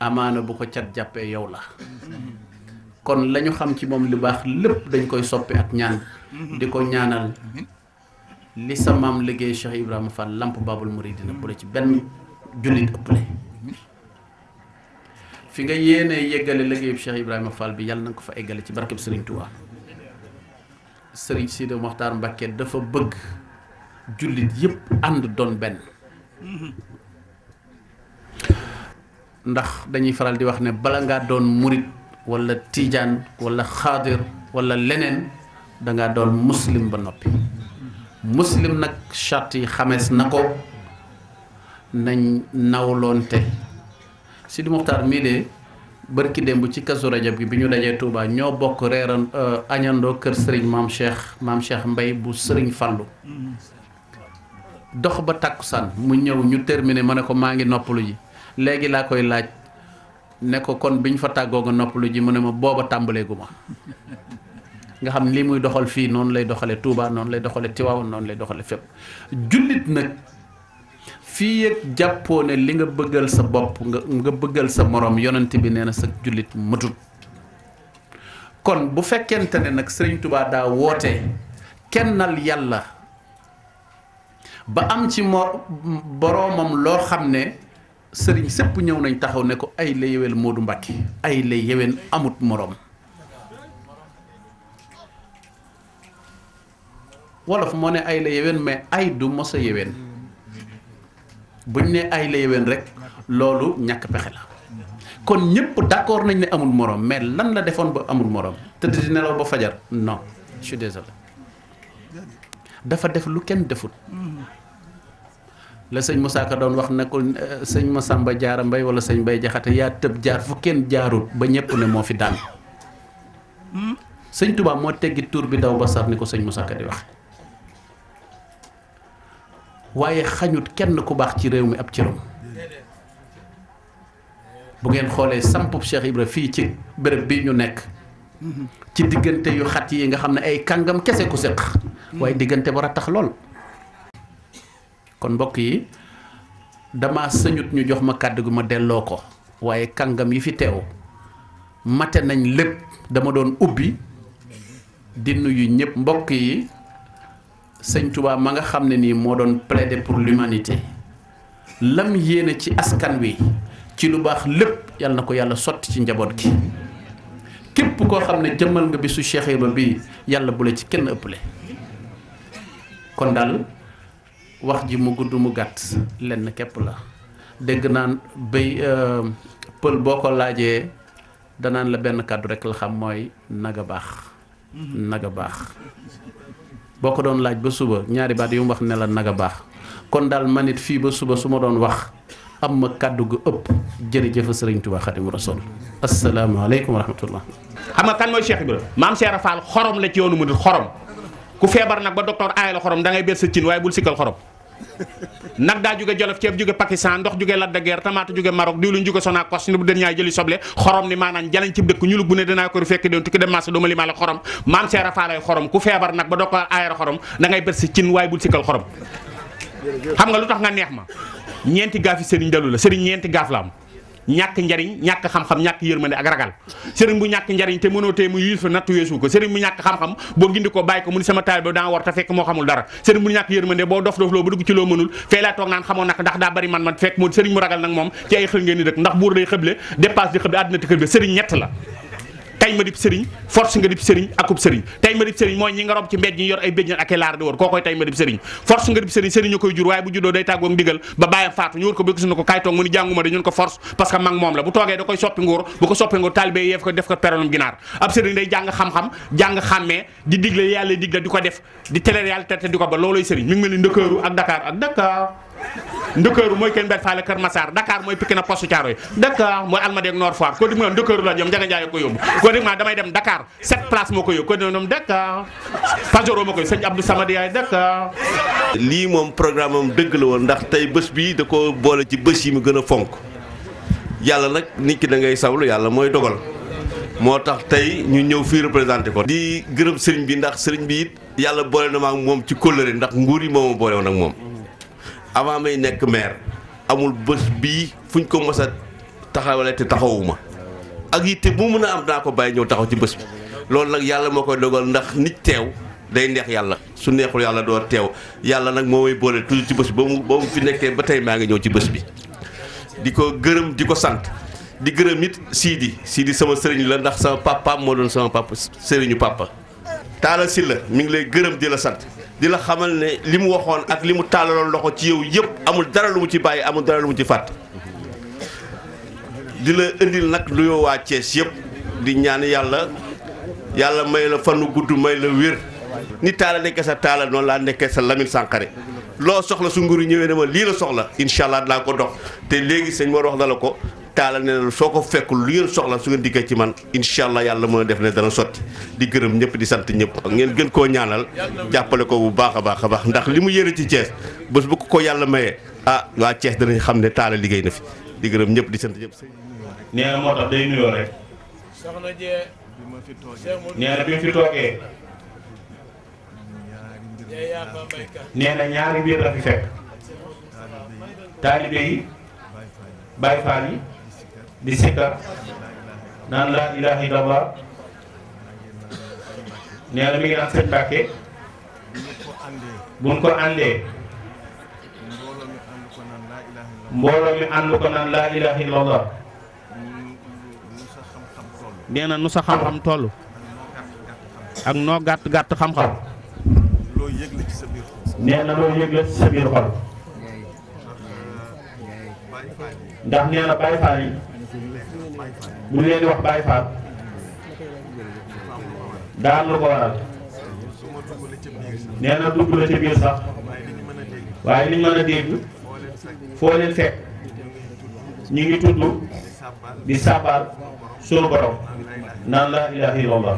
amaana bu ko cat jàppee yow la kon lañu xam ci moom lu baax lépp dañ koy soppee ak ñaan di ko ñaanal li sa maam liggéey Cheikh Ibrahima Fall lamp Babul Mouridina bu la ci benn jullit ëppale fi nga yéene yeggale liggéeyu Cheikh Ibrahima Fall bi yàlla na ko fa eggale ci barkeb Serigne Touba Serigne Sidi Mokhtar Mbacké dafa bëgg jullit yépp ànd doon benn ndax dañuy faral di wax ne bala nga doon murit wala tiijaan wala xaadir walla leneen danga doon muslim ba noppi muslim nag charte yi xamees na ko nañ nawloonte Sidi Muxtaar mii de bërki démb ci kasu rajab gi bi ñu dajee tuubaa ñoo bokk reeran euh, añandoo kër sëriñ maam Cheikh maam Cheikh Mbay bu sëriñ Fallu dox ba tàkkusaan mu ñëw ñu termine ma ne ko maa ngi noppalu ji léegi laa koy laaj ne ko kon bi ñu fa tàggoo nga noppalu ji mu ne ma booba tàmbaleegu ma nga xam lii muy doxal fii noonu lay doxale Touba noonu lay doxale Tiwaawan noonu lay doxale fépp jullit nag fii ak jàppoo ne li nga bëggal sa bopp nga bëggal sa morom yonent bi nee na sa jullit matut kon bu fekkente ne nag Sëriñ Touba daa woote kennal yàlla ba am ci mo boroomam loo xam ne sëriñ sëpp ñëw nañ taxaw ne ko ay la yeween Moodu Mbàkke ay la yeween amut morom wolof moo ne ay la mais ay du mos a yeween buñ ne ay la rek loolu ñàkk pexe la kon ñëpp d'accord nañ ne amul moroom mais lan la defoon ba amul moroom te di nelaw ba fajar non je suis désolé dafa def lu kenn deful la sëñ Moussa doon wax ne ko euh, sëñ Massamba Diarra Mbaye wala sëñ Mbaye Jaxate yaa tëb jaar fu kenn jaarut ba ñëpp ne moo fi daan hmm? sëñ Touba moo teggi tur bi daw ba sar ni ko sëñ Moussa di wax waaye xañut kenn ku baax ci réew mi ab cëram bu ngeen xoolee sampub Cheikh Ibra fii ci bërëb bi ñu nekk ci diggante yu xat yi nga xam ne ay kàngam kese ku séq waaye diggante ba rattax lool kon mbokk yi dama sëñut ñu jox ma kàddu gi ma delloo ko waaye kàngam yi fi teew mate nañ lépp dama doon ubbi di nuyu ñëpp mbokk yi sëñ tubaab ma nga xam ne nii moo doon plaider pour l'humanité lam yéene ci askan wi ci lu baax lépp yal na ko yàlla sotti ci njaboot gi képp koo xam ne jëmmal nga bisu Cheikh Ibrahima bi yàlla bu la ci kenn ëppale kon daal wax ji mu gudd mu gàtt lenn képp la dégg naan béy euh, pël boo ko laajee danaan la benn kàddu rekk la xam mooy naga baax mm-hmm. naga baax boo ko doon laaj ba suba ñaari baat yu mu wax ne la nag a baax kon daal man it fii ba suba su ma doon wax am ma kàddu gu ëpp jërëjëf sëriñ Tuubaa Xaadimu Rasuul asalaamaaleykum wa rahmatullah. xam nga kan mooy Cheikh Ibrahima maam see rafaal xorom la ci yoonu mu di xorom ku feebar nag ba docteur aay la xorom da ngay bees sa cin waaye bul sikkal xorom. nag daa jóge jolof ceeb jóge Pakistan ndox jóge Lac de Guiers tamaate jóge Maroc diwlin jóge Sonacos ni bu den jëli soble xorom ni maanaam jalañ cib dëkk ñu lu bu ne dinaa ko fekk doon tukki dem marché dooma limaa la xorom maam seera faalay xorom ku feebar nag ba doo ko aayar xorom da bët si cin waaye bul sikkal xorom xam nga lu tax nga neex ma ñeenti gaaf yi sëriñ dalu la sëriñ ñeenti gaaf la am ñàkk njariñ ñàkk xam-xam ñàkk yërmande ak ragal sëriñ bu ñàkk njariñ te mënoo tee mu yuusu nattu yeesu ko sëriñ bu ñàkk xam-xam boo gindi ko bàyyi ko mu ni sama taal ba daa war te fekk moo xamul dara sëriñ bu ñàkk yërmande boo dof dof loo ba dugg ci loo mënul fee laa toog nag ndax daa bari man man fekk moo sëriñ mu ragal nag moom ci ay xël ngeen di dëkk ndax buur day xëble dépasse di xëble àddina te xëble sëriñ ñett la tay ma dip serigne force nga dip serigne akup serigne tay ma dip serigne moy ñi nga rob ci mbéj ñi yor ay bëjñal ak laar di wor kokoy tay ma dip serigne force nga dip serigne serigne ñukoy jur way bu juddo day ak ndigal ba baye faatu ñu wor ko bëgg suñu ko kay tok mu ni janguma ñun ko force parce que mag mom la bu toge da koy soppi nguur bu ko soppi nguur talibé yef ko def ko peronum ginar ab serigne day jang xam xam jang xamé di diglé yalla diglé diko def di télé tété diko ba loloy serigne mi ngi melni ak dakar ak dakar Ndëkkëru mooy Kër Mbène Fall Kër Massar Dakar mooy Pikine Poste Thiaroye Dakar mooy Almadies Nord Foire ko di ma Ndëkkëru la ñoom Njaga Njaay ko yóbbu ko di ma damay dem Dakar sept place moo ko yóbbu ko di ñoom Dakar Pajoro koy sëñ Abdou Samad yaay Dakar lii moom programme am dëgg la woon ndax tey bés bii da ko boole ci bés yi mu gën a fonk yàlla nag nit ki da ngay sawlu yàlla mooy dogal moo tax tey ñu ñëw fii représenté ko di gërëm sëriñ bi ndax sëriñ bi it yàlla boole na ma ak ci kóllëre ndax nguur yi moom boole woon moom avant may nekk maire amul bés bii fuñ ko mos a taxawale te taxawuma ak yitte bu mën a am naa ko bàyyi ñëw taxaw ci bés bi loolu nag yàlla moo koy dogal ndax nit teew day neex yàlla su neexul yàlla doo teew yàlla nag moo may boole toujours ci bés bi ba mu fi nekkee ba tey maa ngi ñëw ci bés bi di ko gërëm di ko sant di gërëm it Sidi Sidi sama sëriñ la ndax sama papaam moo doon sama papa sëriñu papa Talla la mi ngi lay gërëm di la sant di la xamal ne li mu waxoon ak li mu tàllaloon loxo ci yow yëpp amul dara lu mu ci bàyyi amul dara lu mu ci fàtte di la indil nag nuyoo waa Cees yëpp di ñaan yàlla yàlla may la fanu gudd may la wér ni taala nekkee sa taala noonu laa nekkee sa Lamine Sankharé loo soxla su nguuru ñëwee ne ma lii la soxla incha allah dinaa ko dox te léegi sëñ Mor wax na la ko taala ne soko fekul lu ngeen soxla su ngeen diggé ci man inshallah yalla mo def ne dana soti di gërëm ñëpp di sant ñëpp ngeen gën ko ñaanal jappalé ko bu baaxa baaxa baax ndax limu yëre ci Thiès bëss bu ko yalla maye ah wa Thiès dañu xam taala liggéey na fi di gërëm ñëpp di sant ñëpp neena mo tax day nuyo rek soxna je neena bi fi toké neena ñaari biir la fi fekk talibé yi bay fali di sikkar naan laa ilaha illallah nee mi ngi naan sëñ Mbàkke buñ ko àndee mbooloo mi ànd ko naan laa ilaha illallah nee na xam-xam toll ak noo gàtt gàtt xam-xam nee na loolu ci sa biir xol ndax nee na Baay yi bu ñu leen di wax Baye Fall daa am ko waral nee dugg la ci biir sax waaye li ñu mën a dégg foo leen fekk ñu ngi tudd di sàbbaal sunu borom naan laa ilaaha illallah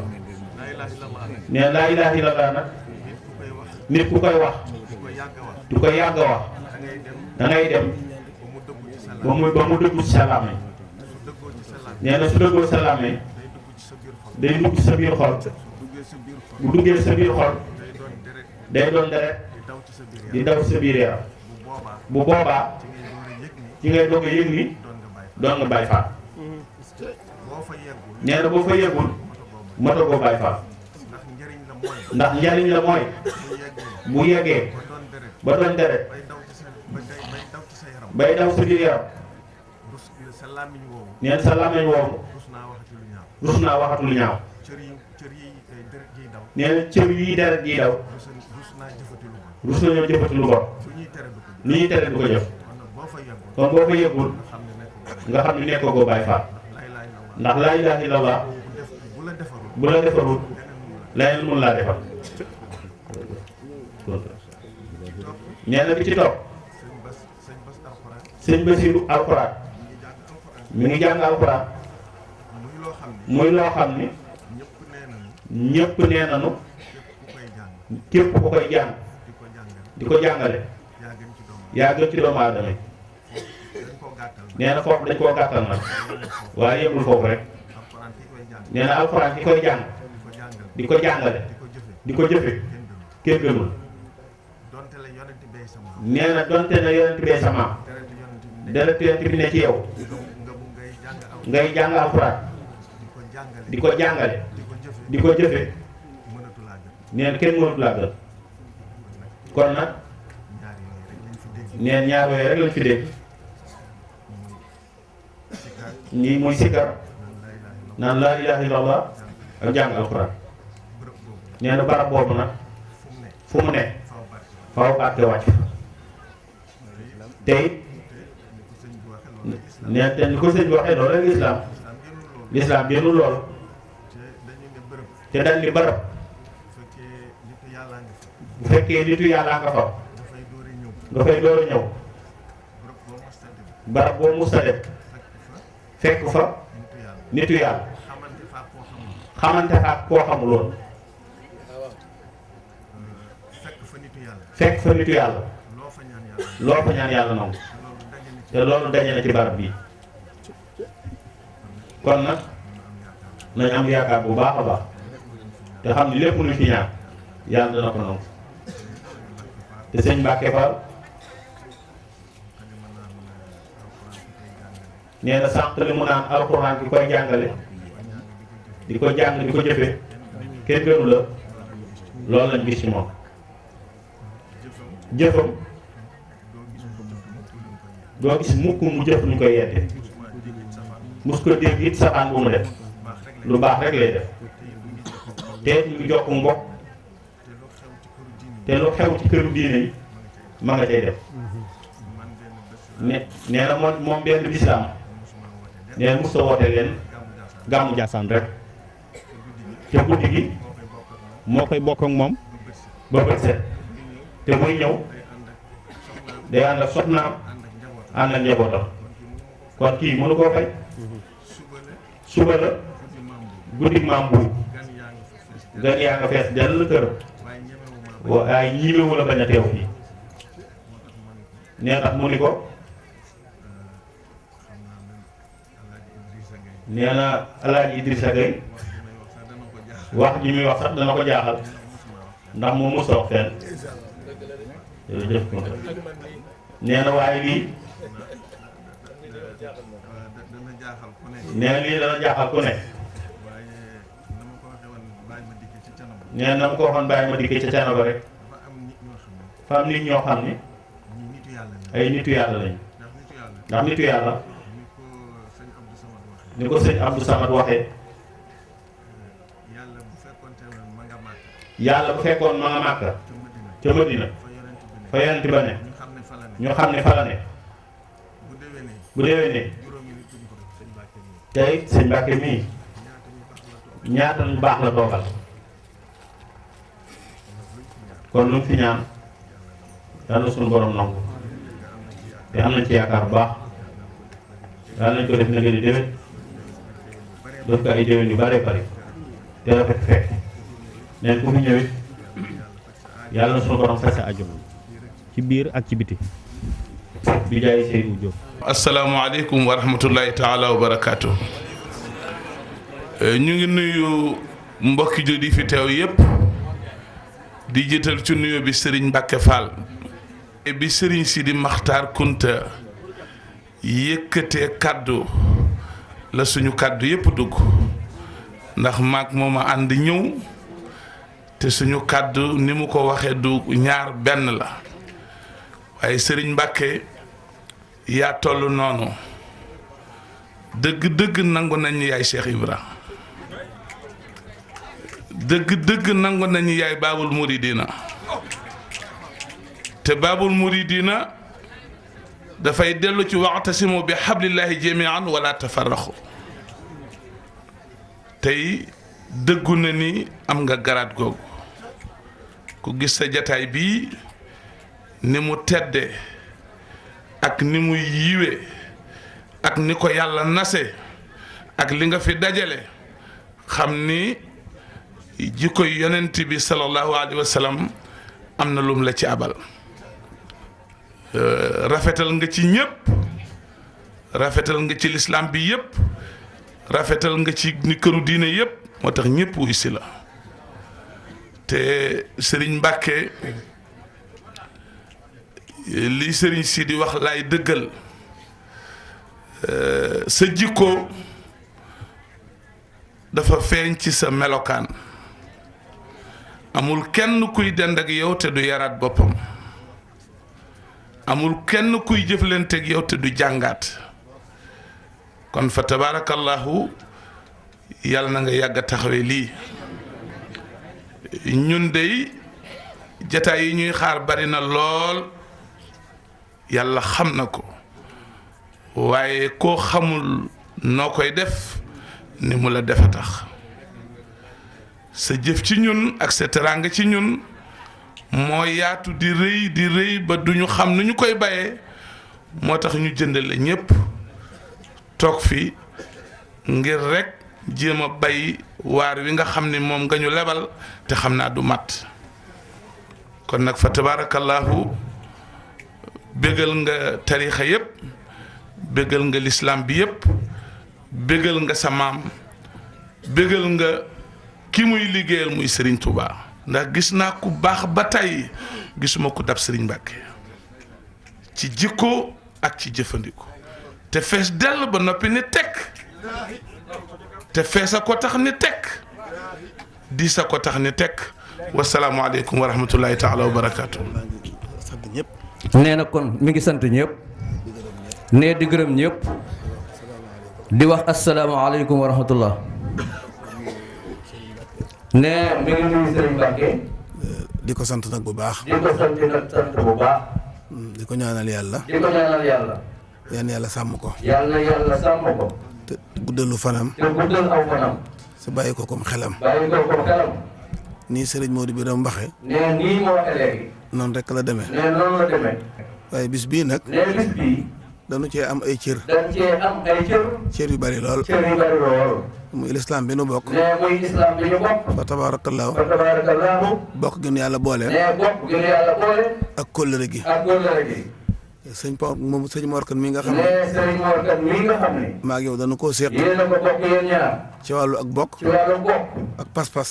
nee laa ilaaha illallah nag nit ku koy wax du ko yàgg a wax da dem ba mu ba mu dëggu ci salaam nee na su la ko salaamee day dugg ci sa biir xol bu duggee sa biir xol day doon deret di daw ci sa biir yaram bu boobaa ci ngay doog a yëg ni doon nga Baay Faal nee na boo fa yégul moto goo Baay Faal ndax njariñ la mooy bu yeggee ba doon deret bay daw sa biir yaram sa làmmiñ woowu. nee sa làmmiñ woowu. rus naa waxatu lu ñaaw. rus naa waxatu lu ñaaw. cër yi cër yi eh, deret yiy daw. nee cër yi deret yiy daw. rus naa jëfati lu bon. rus nañoo jëfati lu bon. lu ñuy tere du ko jëf. lu ñuy tere du ko jëf. kon boo fa yëgul. nga xam ne nekkoo koo bàyyi faat. ndax laa ilaaha illallah. bu la defarul. leneen mun laa defar. nee na bi ci topp. sëñ Basiru Alxuraan. mu ngi jàng alxuraan muy loo xam ni ñëpp nee nañu képp ku koy jàng di ko jàngale yaa gën ci doomu aadama yi nee na foofu dañ koo gàttal nag waaye yëgul foofu rek nee na alxuraan ki koy jàng di ko jàngale di ko jëfe kenn gënul nee na donte na yonent bee sama deret yonent bi ne ci yow ngay jàng alxuraan di ko jàngale di ko jëfe neen kenn mënatu laa kon nag neen ñaar yooyu rek lañ fi dégg nii muy sikar naan laa ilaha illallah ak jàng alxuraan nee barab boobu nag fu mu ne faaw barke wàcc te te ni ko sëñ bi waxee loolu rek lislaam lislaam génnu lool te dañ ni bërëb bu nitu yàllaa nga fa nga fay door a ñëw barab boo musta dem fekk fa nitu yàlla xamante fa koo xamuloon fekk fa nitu yàlla loo fa ñaan yàlla nangu te loolu dañe na ci barab bi kon nag nañ am yaakaar bu baax a baax te xam ni lépp lu fi ñaan yàlla dana ko nangu te sëñ Mbàkke Fall nee na sànq li mu naan alxuraan ki koy jàngale di ko jàng di ko jëfe kenn gënu la loolu lañ gis ci moom jëfam doo gis mukk mu jëf lu koy yedde mus ko dégg it sa bu mu def lu baax rek lay def te ñu ngi jokk mbokk te lu xew ci këru diine yi ma nga cay def ne nee na moom moom bis la am nee na mos a leen gàmmu jaasaan rek te guddi gi moo koy bokk ak moom ba bët set te muy ñëw day ànd ak soxnaam ànd ak njabootam kon kii mënu koo fay suba la guddi maam buuj gan nga fees dell këram waaye ñimewu la bañ a teew fii nee tax mu ni ko nee na alaaji Idrissa Gueye wax ji muy wax sax dana ko jaaxal ndax moom mos a wax fenn jërëjëf waaye lii nee na lii dana jaaxal ku ne. nee na ma ko waxoon bàyyi ma dikkee ca canaba rek. fa nit ñoo xam ne. ay nitu yàlla lañu. ndax nitu yàlla. ni ko sëñ Abdou Samad waxee. yàlla bu fekkoon ma nga màkka ca Madina fa yonent ba ne ñu xam ne fa ne bu déwénee te it sëñ mii ñaata lu baax la toogal kon lu mu fi ñaan yàlla suñu borom nangu te am nañ ci yaakaar bu baax yàlla nañ ko def na nga di déwén def ko ay déwén yu bare bari te rafet fekk neen ku fi ñëwit yàlla na suñu borom fekk sa aju ci biir ak ci biti bi jaay Seydou Diop. asalaamaaleykum wa barakaatu. ñu ngi nuyu mbokki jot yi fi teew yëpp di jiital ci nuyo bi Serigne Mbacke Fall. bi Serigne Sidi Makhtar Kunta yëkkatee kàddu la suñu kàddu yëpp dugg ndax maag moom a ànd ñëw te suñu kàddu ni mu ko waxe du ñaar benn la. waaye sëriñ Mbàkke yaa toll noonu dëgg dëgg nangu nañu yaay Cheikh Ibra dëgg dëgg nangu nañu yaay babul muridina te baabul muridina dafay dellu ci waxtasimu bi xablillahi jamian wala tafarraxu tey dëggu na ni am nga garaat googu ku gis sa jataay bii ni mu tedde ak ni muy yiwe ak ni ko yàlla nase ak li nga fi dajale xam ni jikkoy yonent bi sallallahu alayhi wa am na lum la ci abal euh, rafetal nga ci ñépp rafetal nga ci lislaam bi yépp rafetal nga ci ni këru diine yépp moo tax ñépp wuy si la te sëriñ Mbacke li sëriñ si di wax laay dëggal euh, sa jikko dafa feeñ ci sa melokaan amul kenn kuy dend ak yow te du yaraat boppam amul kenn kuy jëflanteeg yow te du jàngaat kon fa tabaarakallahu yàlla na nga yàgg a taxawee lii ñun dey jataay yi ñuy xaar bari na lool yàlla xam na ko waaye koo xamul noo koy def ni mu la defa tax sa jëf ci ñun ak sa teraanga ci ñun moo yaatu di rëy di rëy ba duñu xam nu ñu koy bayee moo tax ñu jënd la ñépp toog fi ngir rekk jéem a bay waar wi nga xam ni moom nga ñu lebal te xam naa du màtt kon nag fa tabaarakallaahu bégal nga tarixa yëpp bégal nga lislaam bi yëpp bégal nga sa maam bégal nga ki muy liggéeyal muy Serigne Touba ndax gis naa ku baax ba tey gisuma ku dab Serigne Mbacke ci jikko ak ci jëfandiku te fees dell ba noppi ni tekk te feesa ko tax ni tekk diisa ko tax ni tekk wasalaamualeykum wa rahmatullahi taala wa barakaatu. nee na kon mi ngi sant ñëpp nee di gërëm ñëpp di wax asalaamaaleykum wa rahmatullah nee mi ngi nuyu Serigne Mbacké di ko sant nag bu baax di ko sant nag sant bu baax mm, di ko ñaanal yàlla di ko yàlla sàmm ko yal guddalu fanam te guddal aw fanam sa bàyyi ko comme xelam bàyyi ko comme xelam nii Serigne Modou Biram waxee nee nii ma waxee léegi noonu rek la deme waaye bis bii nag. nee bis bii. dañu cee am ay cër. dañu am ay cër. cër yu bari lool. cër yu bari lool. muy lislaam bi nu bokk. nee bokk. fa tabaarakallaahu. fa tabaarakallaahu. bokk gi nu yàlla boole. nee bokk gi nu yàlla boole. ak kóllëre gi. ak kóllëre gi. sëñ Pa moom sëñ Mor mi nga xam ne. nee sëñ Mor Kane mi nga xam ne. maa ngi yow koo seq. ko bokk ci wàllu ak bokk. ak pas-pas.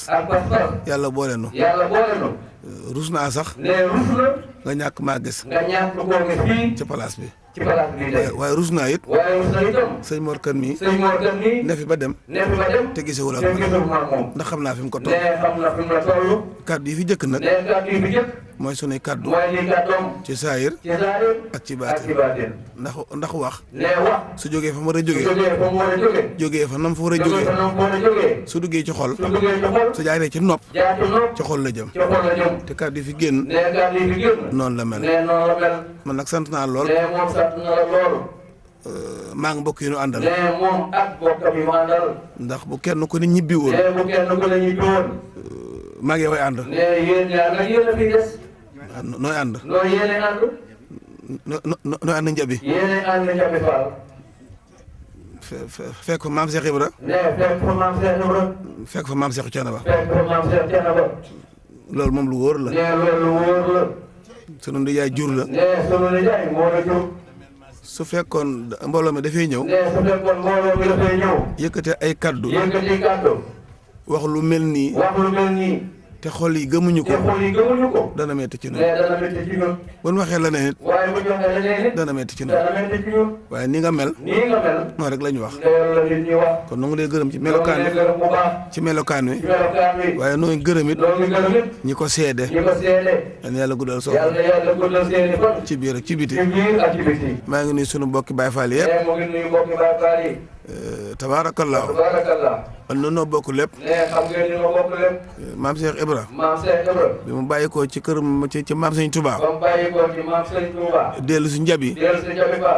yàlla boole nu. yàlla eh, naa sax. nee rus na. nga ñàkk maa gis. nga ñàkk koo gis fii. ci place bi. Eh, waaye rus naa it. sëñ Mor Kane mi. sëñ ne fi ba dem. te gisewul ak ndax xam naa fi mu ko toll. nee xam na fi jëkk nag. nee kàddu yi fi jëkk. mooy sunuy kaddu ci saayir ci saayir ci baatin ndax ndax wax su jógee fa mu war a jóge fa jógee fa nam fa war a jógee su duggee ci xol su jaaree ci nopp ci xol la jëm te kaddu yi fi génn nee noonu la mel nee noonu man nag sant naa lool nee moom euh, maa ngi bokk yu àndal. ndax bu kenn ku ne ñibbi woon. nee euh, maa ngi way ànd. nooy ànd. noo yéene ànd. noo noo noo ànd njabi. yéene ànd njabi Fall. fekk fa maam Cheikh Ibra. nee fekk fa maam Cheikh Ibra. fekk fa maam Cheikh Thiénaba. fekk fa maam Cheikh Thiénaba. loolu moom lu wóor la. nee loolu lu wóor la. sunu nijaay jur la. nee sunu nijaay moo la jur. su fekkoon mbooloo mi dafay ñëw. nee su fekkoon mbooloo mi dafay ñëw. yëkkate ay kaddu. yëkkate ay kaddu. wax lu mel nii. wax lu mel nii. te xol yi gëmuñu ko. te ko. dana métti ci ñun. dana métti ci ñun. bu waaye ci ñun. waaye ni nga mel. nii nga mel. noonu rek la wax. kon nu ngi lay gërëm ci melokaan wi. ci melokaan wi. waaye nooy gërëm ñi ko seede. ñi ko seede. yal na guddal soo. ci biir ak ci biti. maa ngi nuyu sunu mbokki Baay Faal yëpp. Eh, Euh, tabaarakallaahu an bokk lépp xam ngeen euh, maam Cheikh Ibra maam Cheikh Ibra ci kër ci ci maam Sëñ Touba ba si njabi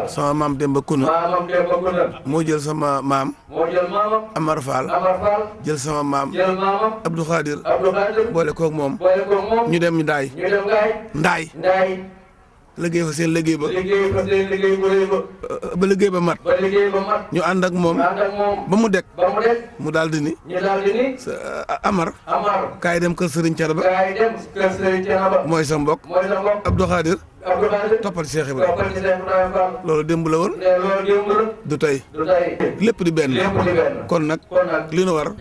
sama maam Demba Kuna maam moo jël sama maam moo jël maamam Amar Fall Amar Fall sama maam jël boole koog moom ñu dem Ndaay Ndaay liggéey fa seen liggéey ba. liggéey fa seen liggéey ba. ba liggéey ba mat. ñu ànd ak moom. ba mu dekk. ba mu dekk. mu daal di ni. kaay dem kër Serigne Thiénaba. kaay dem kër sa mbokk. mooy toppal Cheikh Ibrahima loolu démb la woon du tey lépp di benn kon nag li nu war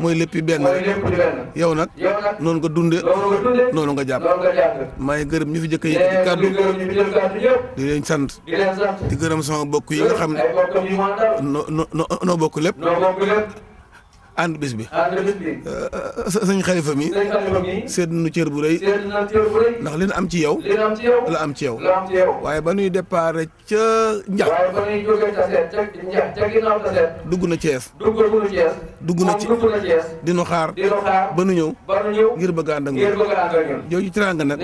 mooy lépp benn yow nag noonu nga dunde noonu nga jàpp maa ngi gërëm fi jëkk yëkkati kàddu di leen sant di gërëm sama bokk yi nga xam ne noo noo bokk lépp ànd bis bi ànd bis bi euh, euh, nu cër bu rëy ndax li am ci yow la am ci yow waaye ba nuy départ ca njax dugg na Cees na Cees dinu xaar ba nu ñëw ngir bëgg ànd ak ñun jooju teraanga nag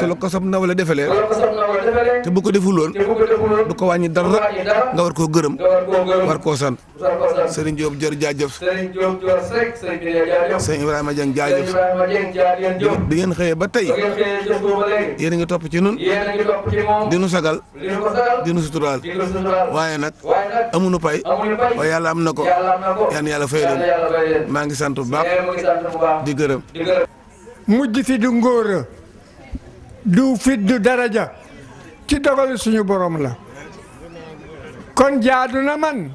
su la ko sab na wala defalee te bu ko defuloon du ko wàññi dara nga war koo gërëm war koo sant Serigne Diop jër jaajëf Serigne Diop Diop rek Serigne bi nee ngeen xëyee ba tey. ba yéen a ngi topp ci nun yéen a sagal. di suturaal. waaye nag. waaye nag pay. amuñu pay waaye yàlla am na ko. yàlla yàlla fay leen. maa ngi sant bu di gërëm. mujj fi du ngóora. du fit du daraja. ci dogalu suñu borom la. kon jaadu na man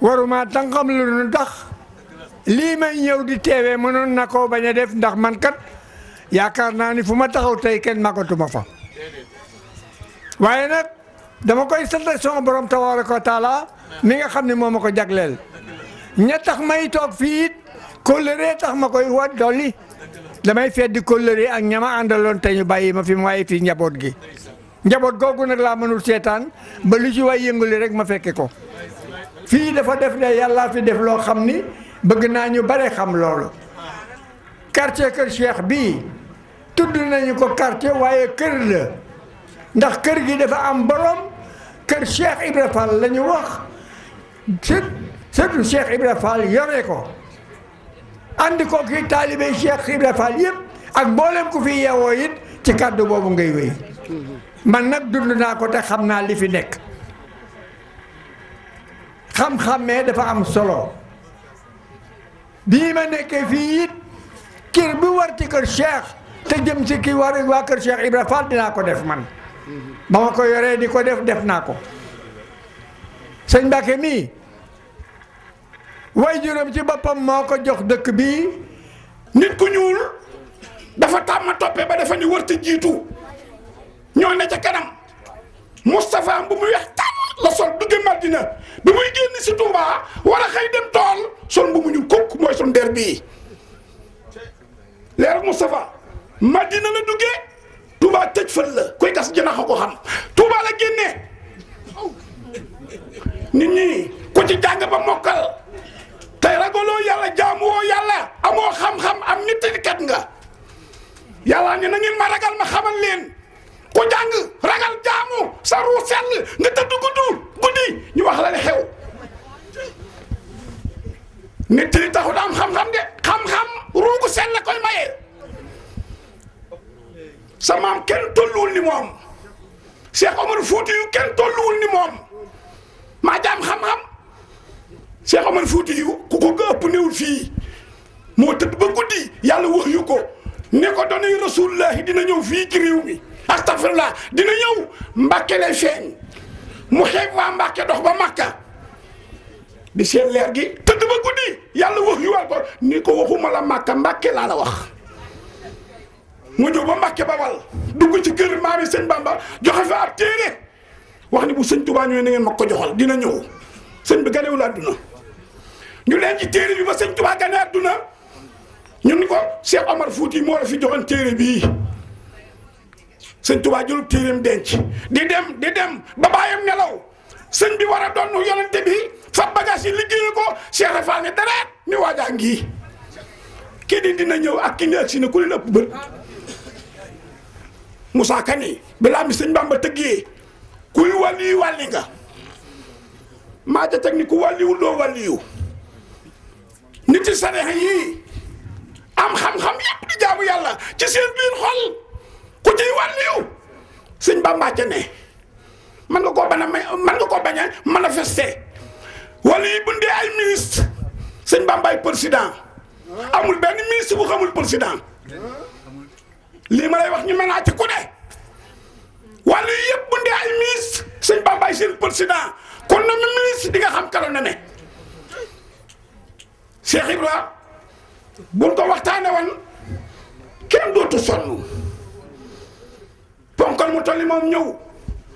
ma tankam lu ndax li ma ñew di téwé mënon nako baña def ndax man kat yaakar na ni fuma taxaw tay ken tuma fa waye nak dama koy sante sama borom tawaraka taala mi nga xamni momako jaglél jaglel ña tax may tok fi kolere tax makoy wad doli damay fedd kolere ak ñama andalon tay ñu bayyi ma fi waye fi njabot gi njabot gogu nak la mënul setan ba lu ci way yëngul rek ma fekke ko Fi dafa def ne yalla fi def lo xamni ni bëgg naa ñu bari xam loolu quartier keur Cheikh bi tudd nañu ko quartier waye keur la ndax keur gi dafa am borom keur Cheikh Ibra Fall la wax ci sëtu Cheikh Ibra Fall yore ko andi ko ki talibé Cheikh Ibra Fall yëpp ak bolem ku fi yeewoo ci kàddu bobu ngay wéy man nak dund na ko te xamna li fi Nek. xam-xammee dafa am solo bii ma nekkee fii it kër bu war ci kër Cheikh te jëm si kii waa kër Cheikh Ibra Fall dinaa ko def man ba ma ko yoree di ko def def naa ko sëñ Mbàkke mii way juróom ci boppam moo ko jox dëkk bi nit ku ñuul dafa tàmm toppee ba dafa ni wërti jiitu ñoo ne ca kanam Moustapha bu mu weex la sol du génn bi muy génn si Touba war a xëy dem tool sol bu mu ñuul kukk mooy sun der bii leer Moustapha Madina la duggee Touba tëj fël la koy gas jënax a ko xam Touba la génnee nit ñi ku ci jàng ba mokkal tey ragaloo yàlla jaamuwoo yàlla amoo xam-xam am nit kat nga yàlla ne na ma ragal ma xamal leen ku jàng ragal jaamu sa ruu sell nga tëdd guddu guddi ñu wax la ne xew nit yi taxu da xam-xam de xam-xam ruugu sell la koy maye sa maam kenn tolluwul ni moom Cheikh Omar Fouti yu kenn tolluwul ni moom maa jaam xam-xam Cheikh Omar Fouti yu ku ko ëpp newul fii moo tëdd ba guddi yàlla wax ko ne ko rasulullahi dina ñëw fii ci réew mi astafirullah dina ñëw mbàkke lay feeñ mu xeeb waa mbàkke dox ba makka di seen leer gi tëdd ba guddi yàlla wax yu waal ko ni ko waxuma la makka mbàkke laa la wax mu ñëw ba mbàkke ba wal dugg ci kër maami sëñ bamba joxe fa ab téere wax ni bu sëñ tubaa ñëwee na ngeen ma ko joxal dina ñëw sëñ bi ganewul àdduna ñu leen ci téere bi ba sëñ tubaa gane àdduna ñun ni ko Cheikh Omar Fouti moo la fi joxoon téere bii sëñ Tuubaa jëlub téeréem denc di dem di dem ba baayam nelaw sëñ bi war a doon yonente bi fa bagage yi liggéey ko Cheikh Rafaal ne dara ni waajaa ngii kii dina ñëw ak ki ne agsi na ku leen ëpp bët Moussa Kane balaa mi sëñ Bamba kuy wàlli wàlli nga maa ja ni ku wàlliwul doo wàlliyu nit ci sare yi am xam-xam yépp di jaamu yàlla ci seen biir xol ku ciy wàlliyu sëñ Bamba ca ne man nga koo bañ man nga koo bañ a manifester wala bu ndee ay ministre sëñ Bamba ay amul benn ministre bu xamul président lii ma lay wax ñu mën ci ku ne wala yi yëpp bu ndee ay ministre sëñ Bamba ay seen kon na mu ministre di xam kala na ne Cheikh Ibrahima buñ ko waxtaane woon kenn dootu sonn ponkal mu tolli moom ñëw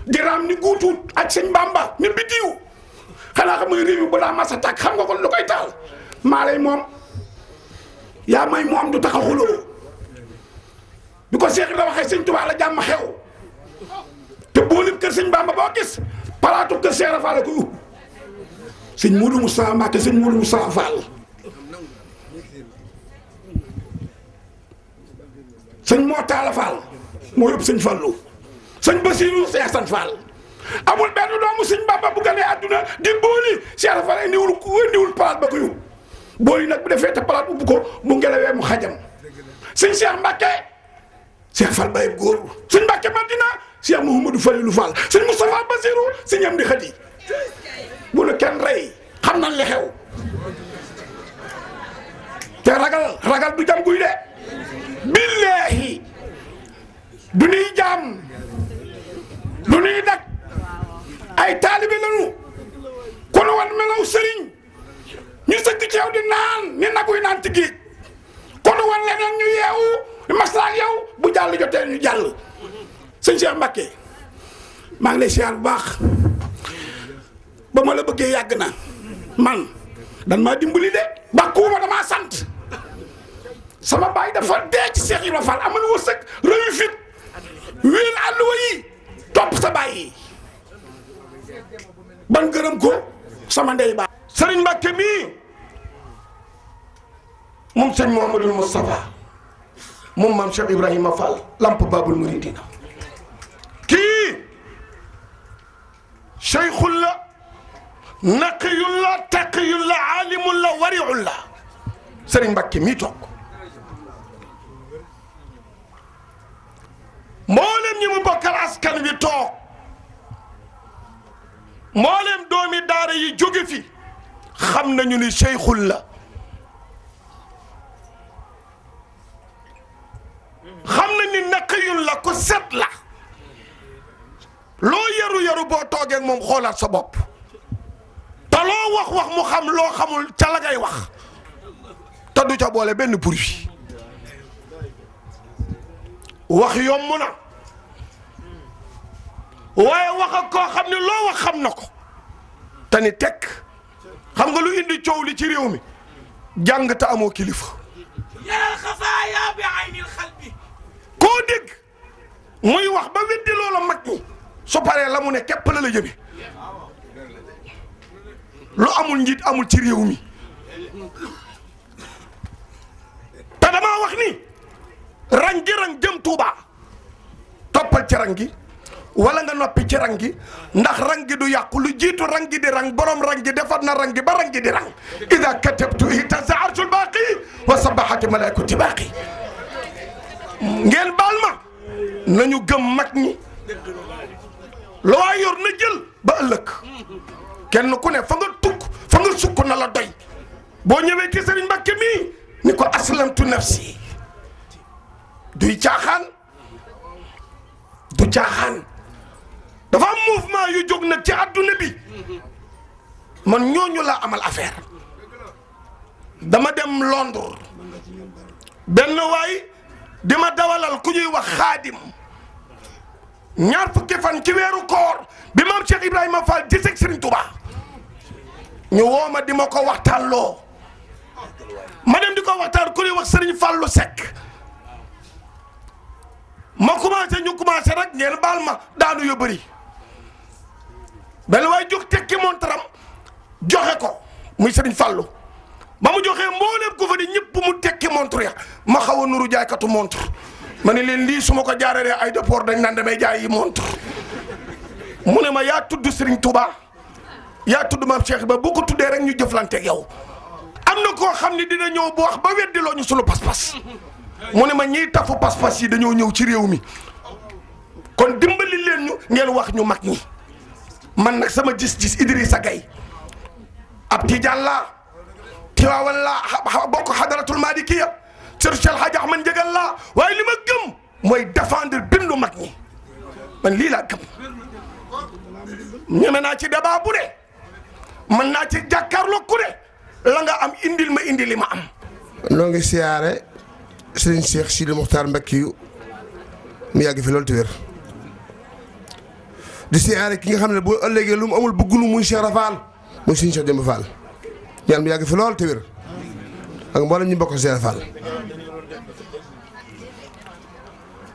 di ni guutuut ak sëñ Bamba ni biddiw xanaa xam nga réew mi balaa masa tàkk xam nga kon lu koy taal maa moom yaa may moom du tax a xuloo bi ko Seex la waxee sëñ Tuubaa la jàmm xew te boolib kër sëñ Bamba boo gis palaatu kër Seex Faal la koy ub sëñ Moodu Musaa Mbàkke sëñ Moodu Faal sëñ Moo Taala Faal moo yóbbu sëñ Fallou sëñ Basirou Cheikh Assane Fall amul benn doomu sëñ Bamba bu gane àdduna di booli Cheikh Fall indiwul indiwul palaat ba ko yóbbu booli nag bu defee te palaat ubbu ko bu ngelawee mu xajam sëñ Cheikh Mbacke Cheikh Fall bàyyi góor sëñ Mbacke Madina Cheikh Mouhamadou Falilou Fall sëñ Moustapha Basirou sëñ Amdi Khadi bu nu kenn rey xam nañ li te ragal ragal du jam guy de billahi du ñuy jaam du ñuy dag ay taalibe lañu ku nu wan melaw sëriñ ñu sëkk ci di naan ni naguy naan ci ku nu wan leneen ñu yeewu maslaak yow bu jàll jotee ñu jàll sëñ Cheikh Mbacké maa ngi lay siyaar ba ma la bëggee yàgg na man dan maa dimbali de bàkkuwuma damaa sant sama baay dafa dee ci Cheikh Ibrahima Fall amal wërsëg rëyu fit وين علوي توب سا باي بان گرم كو سما ندي با سرين مكي مي موم سيرن محمد المصطفى موم مام شيخ ابراهيم فال لامب باب المريدين كي شيخ الله نقي الله تقي الله عالم الله ورع الله سرين مكي مي توك mboolem ñi mu bokkal askan wi toog mboolem doomi daara yi jóge fi xam nañu ni seyxul la xam na ni naqiyul la ku set la loo yaru yaru boo toogee moom xoolaat sa bopp te loo wax wax mu xam loo xamul ca la ngay wax te du ca boole benn bruit wax yomb na waaye wax ak koo xam ne wax xam na ko te xam nga lu indi coow li ci rewmi jàng ta amo kilifa yaral xafaaya bi ayni al xalbi ko deg muy wax ba weddi lolo mag ñi su pare la mu ne képp la la jebi lo amul njit amul ci rewmi ta dama wax ni rang gi rang jëm Touba toppal ci rang gi wala nga noppi ci rang gi ndax rang du yàqu lu jiitu rang gi di rang borom rang gi defar na rang gi ba rang gi di rang ida katabtu ihtaza arshul baaqi wa sabahati malaikuti baaqi ngeen baal ma nañu gëm mag ñi lu waay yor na jël ba ëllëg kenn ku ne fa nga tukk fa nga sukk na la doy boo ñëwee ci Serigne Mbacké mii ni ko aslamtu nafsi duy caaxaan du caaxaan dafa am mouvement yu jóg na ci àdduna bi man ñooñu laa amal affaire dama dem Londres benn waay di ma dawalal ku ñuy wax xaadim ñaar fukki fan ci weeru koor bi maam Cheikh Ibrahima Fall di seg Serigne Touba ñu woo ma di ma ko waxtaan loo ma dem di ko waxtaan ku ñuy wax Serigne Fallou Seck ma commencé ñu commencé rek ngeen baal ma daanu yu bëri benn waaye jóg tekki montaram joxe ko muy Serigne Fallou ba mu joxee mbooleem ko fa di ñëpp mu tekki montre ya ma xaw a nuru jaaykatu montre ma ne leen lii su ma ko jaaree ay déport dañ naan damay jaay yi montre mu ne ma yaa tudd Serigne Touba yaa tudd maam Cheikh ba boo ko tuddee rek ñu jëflante ak yow am na koo xam ni dina ñëw bu wax ba weddiloo ñu sunu pas-pas. mu ne ma ñiy tafu pas-pas yi dañoo ñëw ci réew mi kon dimbali leen ñu ngeen wax ñu mag ñi man nag sama gis-gis Idrissa Gay ab tijaan laa tiwaawan laa bokk xadaratul maalikiya sër Cheikh Hadj Ahmad laa waaye li ma gëm mooy défendre bindu mag ñi man lii laa gëm ñeme naa ci débat bu de mën naa ci jàkkaarloo ku de la nga am indil ma indi li ma am. noo ngi siyaare. sëriñ Cheikh Sidi Mokhtar Mbacke yu mu yàgg fi loolu te wér di siyaare ki nga xam ne bu ëllëgee lu mu amul bëgg lu muy Cheikh Rafaal muy sëriñ Cheikh Demba Fall ñaan mu yàgg fi lool te wér ak mboolem ñu bokk Cheikh Rafaal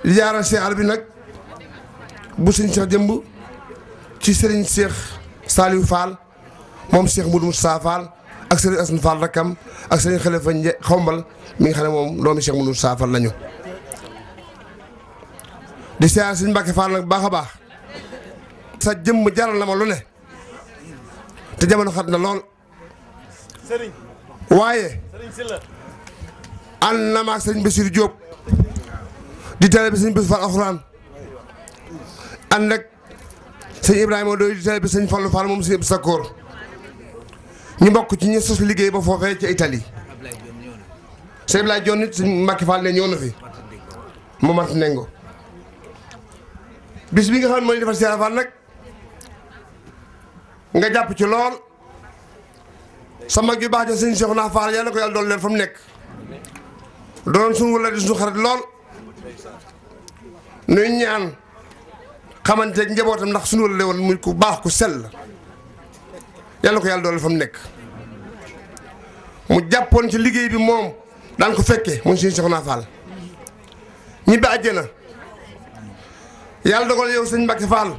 li jaaral siyaar bi nag bu sëriñ Cheikh Jëmb ci sëriñ Cheikh Saliou Fall moom Cheikh Moudou Moustapha Fall ak sëriñ Assane Fall rakkam ak sëriñ Xalifa xombal mi nga xam ne moom doomi Cheikh Moudou Saafal lañu di siyaar sëriñ Mbàkke Fall nag baax a baax sa jëmm jaral na ma lu ne te jamono xat na lool waaye ànd na ma ak sëriñ Bassirou Diop di tele bi sëriñ Bassirou Fall alxuraan ànd ak sëriñ Ibrahima Doy di tele bi sëriñ Fallu Fall moom sa Sakkoor ñu bokk ci ñu sos liggéey ba foofee ca Italie sëñ Ablaye Dione nit suñ Mbacke Fall ne ñëw na fi mu mat nengo bis bi nga xam ne mooy defar fa Fall nag nga jàpp ci lool sama mag yu baax ja sëñ Cheikh naa Fall yal na ko yàlla doon leen fa mu nekk doon suñu wala di suñu xarit lool nuy ñaan xamante njabootam ndax suñu wala woon muy ku baax ku sell yàlla ko yàlla dooleel fa mu nekk mu jàppoon ci liggéey bi moom daan ko fekke mu suñu soxnaa Fall ñibbi àjjana yàlla dogal yow sëñ Mbacke Fall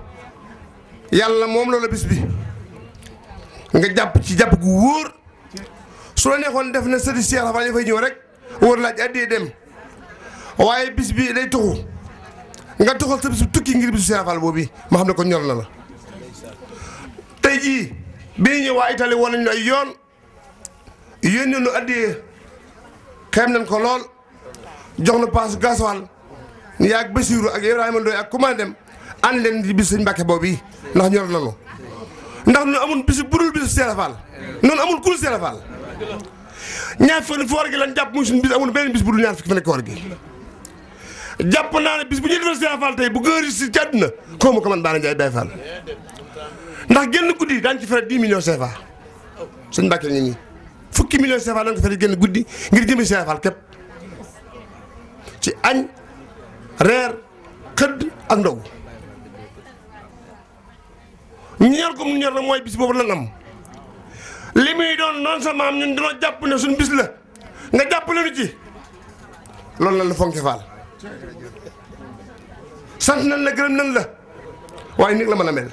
yàlla moom loola bis bi nga jàpp ci jàpp gu wóor su la neexoon def na sëti Cheikh Fall yi fay ñëw rek wóor laaj addee dem waaye bis bi day tuxu nga tuxal sa bis bi tukki ngir bisu Cheikh Fall boobu ma xam ne ko ñor na la tey jii bii ñëw waa Italie woon nañ la yoon yónni nu addiyee xeem nañ ko lool jox nu paas gasoil ni yaag Basiiru ak Ibrahima Ndoye ak kuma dem ànd leen di bis sëñ Mbàkke boobu yi ndax ñor nañu ndax ñun amul bisu budul bisu noonu amul kul Seera Faal ñaar fukki foor gi lan jàpp muy suñu bis amul benn bis budul ñaar fukki fan koor gi jàpp naa ne bis bu ñu defal Seera Faal tey bu gëri si ci àdduna xaw ma ko man Baara ndax génn guddi daañu ci fere 10 millions CFA suñu mbàkk la ñuy fukki millions CFA daañu ko fere génn guddi ngir jëmi Serigne Fall képp ci añ reer xëdd ak ndogu ñor ko mu ñor na mooy bis boobu lan am li muy doon noonu sa maam ñun dañoo jàpp ne suñu bis la nga jàppale nu ci loolu lan la fonke Fall sant nañ la gërëm nañ la waaye nii la mën a mel.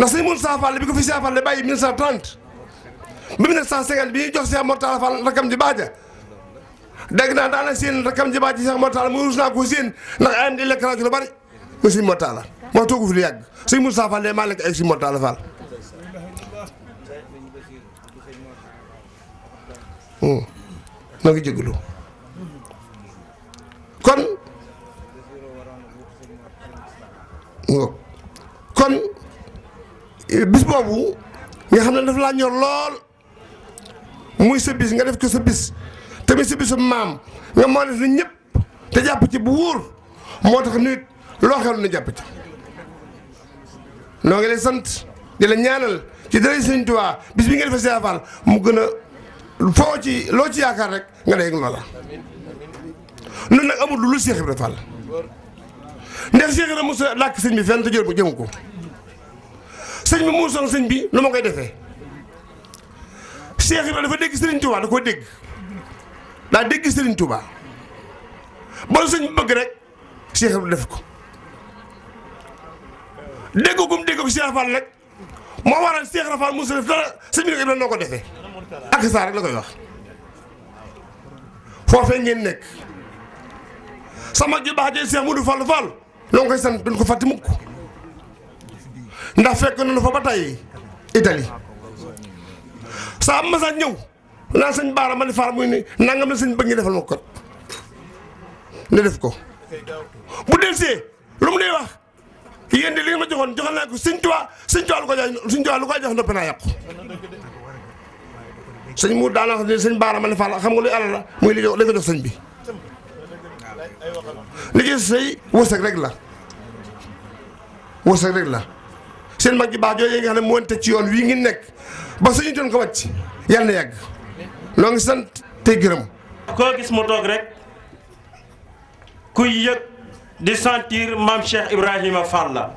ndax sëñ Moussa Fall bi ko fi Cheikh Fall bàyyi 1930 ba 1950 bi ñuy jox Cheikh Mortala Fall rakam ji baaja dégg naa daana seen ji baaja Cheikh mu rus naa ko seen ndax ayam di lekk rajo lu bari moo toogu fi lu yàgg sëñ Moussa Fall maa lekk ay sëñ Mortala Fall. Hmm. noo ngi jégalu kon. Hmm. kon. bis boobu nga xam ne daf laa ñor lool muy sa nga def ko sa bis tamit sa bisu maam nga moo def na ñëpp te jàpp ci bu wóor moo tax nit loo xel nu jàpp ci loo ngi lay sant di la ñaanal ci dara Sëñ Tuubaa bis bi nga defee Cheikh Fall mu gën a foo ci loo ci yaakaar rek nga dee loola noonu nag lu Cheikh Ibra Fall ndax Cheikh Ibra mos a làkk sëñ bi fenn te jël ko sëñ bi muusoon sëñ bi lu ma koy defee Cheikh Ibrahima dafa dégg Serigne Touba da ko dégg da dégg Serigne Touba ba sëñ bi bëgg rek Cheikh Ibrahima def ko dégg gum dégg ko Cheikh Fall rek moo waral Cheikh Rafal Moussa def dara sëñ Ibrahim noko noo ak sa rek la koy wax fofé ngeen nek sama ju baax Cheikh Moudou Fall Fall loo ngi koy sant duñ ko fàtte ndax fekk nañu fa ba tey Italie saa am ñëw naan sëñ baara ma ni faar muy ni la sëñ bëgg ñu defal ma def ko bu delsee wax yéen de li nga joxoon joxal naa ko sëñ Tuubaa sëñ Tuubaa lu ko jox noppi naa yàqu sëñ mu daana sëñ baara ma ni faar xam nga luy muy li lañ ko bi li rek la wërsëg rek la seen mag ju baax jooju nga xam ne moo teg ci yoon wii ngi nekk ba suñu doon ko wàcc yàlla na yàgg noo ngi sant tey gërëm. koo gis mu toog rek kuy yëg di sentir maam Cheikh Ibrahima Fall la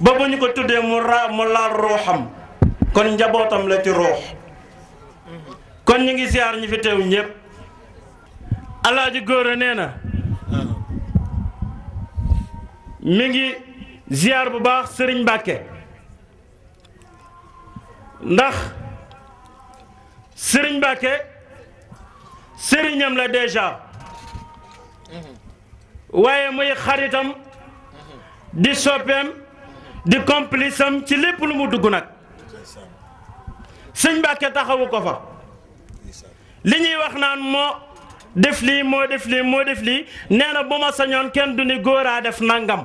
ba ba ñu ko tuddee mu ra mu laal ruuxam kon njabootam la ci ruux kon ñu ngi ziar ñi fi teew ñëpp Alaaji Góora nee na mi ngi. ziar bu baax sëriñ Mbàkke ndax sëriñ Mbàkke sëriñam la déjà waaye muy xaritam di soppeem di complice am ci lépp lu mu dugg nag sëñ Mbàkke taxawu ko fa li ñuy wax naan moo def lii moo def lii moo def lii nee na bu ma sañoon kenn du ni góoraa def nangam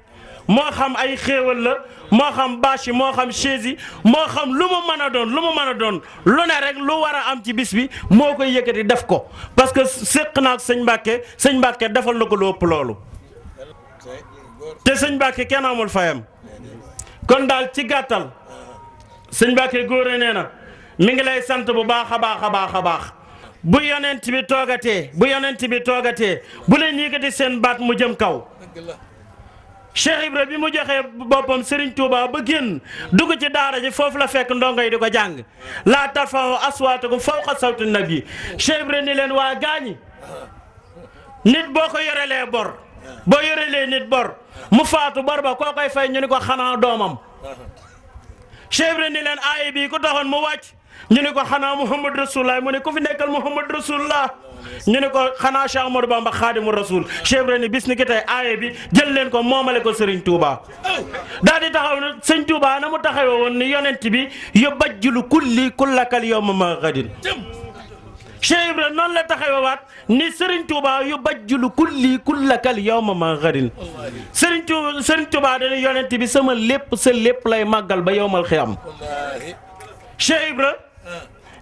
mo xam ay xéewal la moo xam bâche yi moo xam chaise yi moo xam lu mu mën a doon lu mu mën a doon lu ne rek lu war a am ci bis bi moo koy yëkkati def ko parce que séq naag sëñ Mbàkke sëñ Mbàkke defal na ko lu loolu te sëñ Mbàkke kenn amul fayam kon daal ci gàttal sëñ Mbàkke góore nee na mi ngi lay sant bu baax a baax a baax a baax bu yonent bi toogatee bu yonent bi toogatee bu leen yëkkati seen baat mu jëm kaw Cheikh Ibra bi mu joxee boppam Serigne Touba ba génn dugg ci daara ji foofu la fekk ndongo yi di ko jàng laa tarfa'u aswaatakum fawqa sawti nabi Cheikh Ibra ni leen waa gaañi nit boo ko yorelee bor boo yorelee nit bor mu faatu bor ba koo koy fay ñu ni ko xanaa doomam Cheikh ni leen aaya bii ku taxoon mu wàcc ñu ko xanaa Muhammad Rasulullah mu ne fi nekkal Muhammad Rasulullah ñu ne ko xanaa Cheikh Amadou Bamba Xaadimu Rasul Cheikh Ibrahima bis ni ki tey aaye bi jël leen ko moomale ko Serigne Touba. daal di taxaw na Serigne Touba na mu taxawee woon ni yonent bi yubajjilu kulli kullakal yawma ma gadin Cheikh Ibrahima noonu la taxawaat ni Serigne Touba yu kulli kullakal yawma ma xarin Serigne Touba Serigne Touba dana yonent bi sama lépp sa lépp lay magal ba yowmal xiyam Cheikh Ibrahima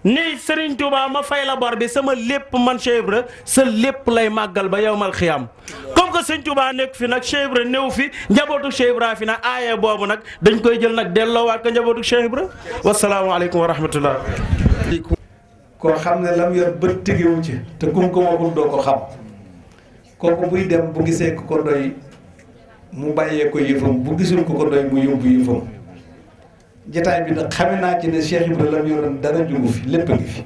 ni Serigne Touba ma fay la bor bi sama lépp man Cheikh sa lépp lay màggal ba yowmal xiyam comme que Serigne Touba nekk fi nag Cheikh Ibra néew fi njabootu Cheikh Ibra fi nag boobu nag dañ koy jël nag delloowaat njabootu Cheikh wasalaamaaleykum wa rahmatullah koo xam ne lam yor bët tegewu ci te kum ko waxul doo ko xam kooku buy dem bu gisee ku ko doy mu bàyyee ko yëfam bu gisul ku ko doy mu yóbbu yëfam jataay bi nag xame naa ci ne Cheikh Ibrahima la mu yoroon dara fi lépp a ngi fi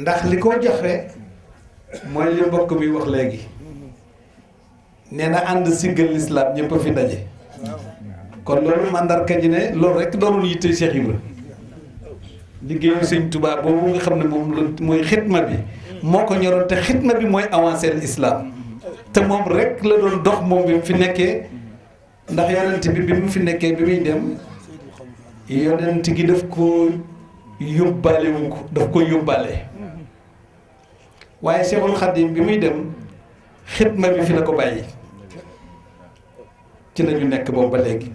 ndax li ko joxe mooy li mbokk mi wax léegi nee na ànd siggal lislaam ñëpp a fi daje kon loolu màndarka ji ne loolu rek doonul yitte Cheikh liggéeyu sëñ Tuubaa boobu nga xam ne moom la mooy xitma bi moo ko ñoroon te xitma bi mooy avancé l'islam te moom rek la doon dox moom bi mu fi nekkee. ndax yonent bi bi mu fi nekkee bi muy dem yonent gi daf ko yóbbaale wu ko daf ko yóbbaale waaye Seexul Xadim bi muy dem xidma bi fi la ko bàyyi ci lañu nekk boobu ba léegi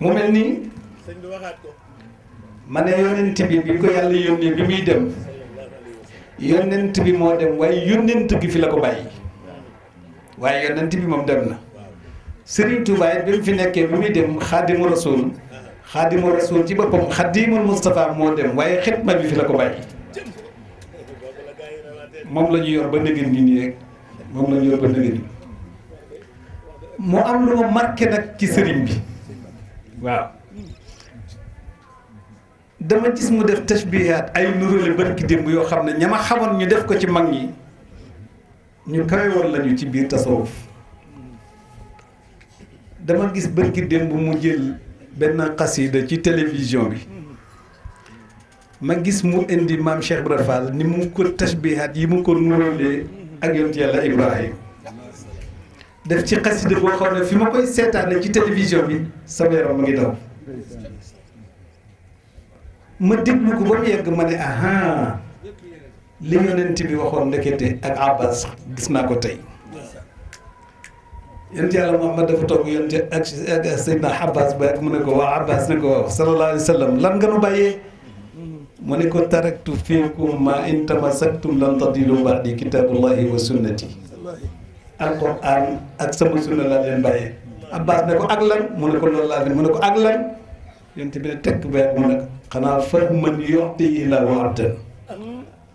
mu mel nii ma ne yonent bi bi ko yàlla yónnee bi muy dem yonent bi moo dem waaye yonent gi fi la ko bàyyi waaye yonent bi moom dem na Serigne Touba bi mu fi nekkee bi muy dem xaadimu rasul xaadimu rasul ci boppam xaadimul Moustapha moo dem waaye ma bi fi la ko bàyyi moom la ñu yor ba nëgën nii moom la mu am lu ma marqué nag ci sëriñ bi waaw dama gis mu def tashbihaat ay nurale barki démb yoo xam ne ña ma xamoon ñu def ko ci mag yi ñu kawe woon lañu ci biir tasawuf dama gis bërki démb mu jël benn xasida ci télévision bi ma gis mu indi maam Cheikh Ibra Fall ni mu ko tasbihaat yi mu ko nuróolee ak yonent yàlla Ibrahima def ci xasida boo xam ne fi ma koy seetaane ci télévision bi sama yaram ma ngi daw ma déglu ko ba mu yegg ma ne aha li yonent bi waxoon ndekete ak abbas gis naa ko tey yonent yàlla Muhammad dafa toog yonent ak Seydina abbas ba mu ne ko waaw abbas ne ko waaw sallallahu lan nga nu bàyyee mu ne ko taraktu fiikum ma in tamasaktum lan tadilu ba'di kitaabullahi wa sunnati alquran ne ko ak lan mu ne ko ak lan yonent bi ne tekk ba mu ne xanaa fa man yoxti yi la waxtaan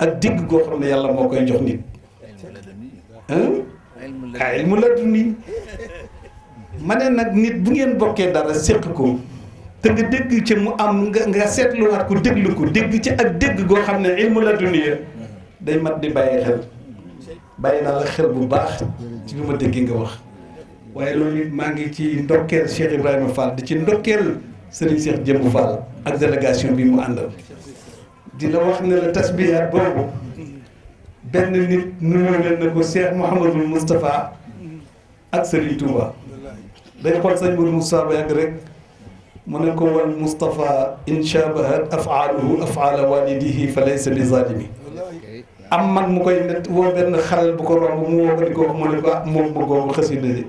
ak dégg goo xam ne yàlla moo koy jox nit ah ilmu laduni ma ne nag nit bu ngeen bokkee dara séq ko te nga dégg ci mu am nga nga seetluwaat ko déglu ko dégg ci ak dégg goo xam ne ilmu laduni day mat di bàyyi xel bàyyi naa la xel bu baax ci li ma dégg nga wax waaye loolu it maa ngi ci ndokkeel Cheikh Ibrahima Fall di ci ndokkeel Serigne Cheikh Jëmbu Fall ak délégation bi mu àndal di la wax ne la tasbiyaat boobu benn nit nuyoo leen na ko Cheikh Mouhamadul Moustapha ak Serigne Touba day xool sëñ Modou Moustapha ba yàgg rek mu ne ko wal Moustapha in shabahat afaaluhu afaala walidihi fa laysa bi zalimi am man mu koy net woo benn xalal bu ko romb mu woo ko di ko wax mu ne ko ah moom bëggoo xasida ji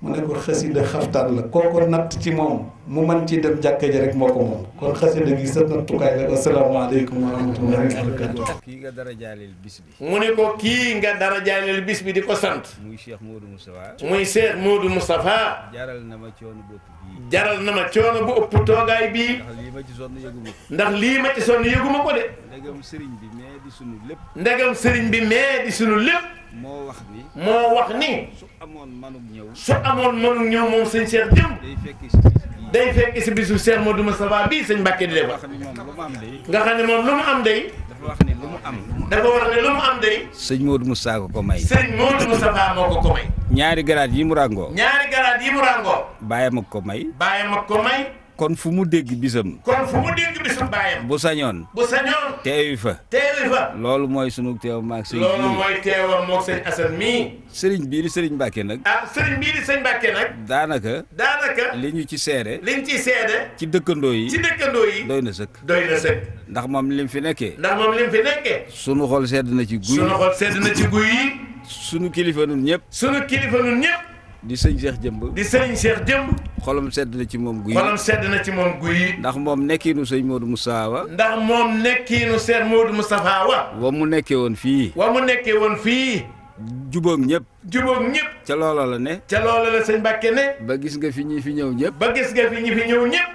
mu ne ko xasida xaftaan la kooko natt ci moom mu mën ci dem jàkka ji rek moo ko moom kon xasida gi sa nattukaay la asalaamaaleykum wa kii nga dara jaaleel bis bi mu ne ko kii nga dara jaaleel bis bi di ko sant muy Cheikh Modou Moustapha muy Cheikh Modou Moustapha jaral na ma coono bu ëpp jaral na ma coono bu ëpp toogaay bii ndax lii ma ci sonn yëguma ko ndax lii ma ci sonn yëguma ko de ndegam sëriñ bi mee di sunu lépp ndegam sëriñ bi mee di sunu lépp moo wax ni moo wax ni su amoon manug ñëw su amoon manug ñëw moom sëñ Cheikh jëm day fekk day fekk si bisu Cheikh Modou Moustapha bii sëñ Mbàkke di def nga xam ne moom lu mu am day dafa wax ne lu mu am dafa wax ne lu mu ko ko may sëñ Modou Moustapha moo ko ko may ñaari garaat yi mu ràngoo ñaari garaat yi mu ràngoo bàyyam ak ko may bàyyam ak ko kon fu mu dégg bisam. kon dégg bisam baayam. bu sañoon. bu sañoon. teewi fa. loolu mooy sunu teew maag sëñ. loolu teewam moog sëñ Assane mii. sëriñ bii di sëriñ Mbacke nag. ah sëriñ bii di sëñ Mbacke nag. daanaka. daanaka. li ñu ci seede. li ñu ci seede. ci dëkkandoo yi. ci yi. doy na sëkk. doy na sëkk. ndax moom lim fi nekkee. ndax moom lim fi nekkee. sunu xol sedd na ci guy. sunu xol na ci guy. sunu kilifa nun ñëpp. sunu kilifa nun ñëpp. di sëñ Cheikh Jëmb. di sëñ Cheikh Jëmb. xolam sedd na ci moom guy. xolam sedd na ci moom guy. ndax moom nekkiinu sëñ Modou mu wa. ndax moom nekkiinu sëñ Modou Moustapha wa. wa mu nekkee woon fii. wa mu nekkee woon fii. jubóog ñépp jubóog ñëpp. ca loola la ne. ca loola la sëñ Mbàkke ne. ba gis nga fi ñi fi ñëw ñëpp. ba gis nga fi ñi fi ñëw ñëpp.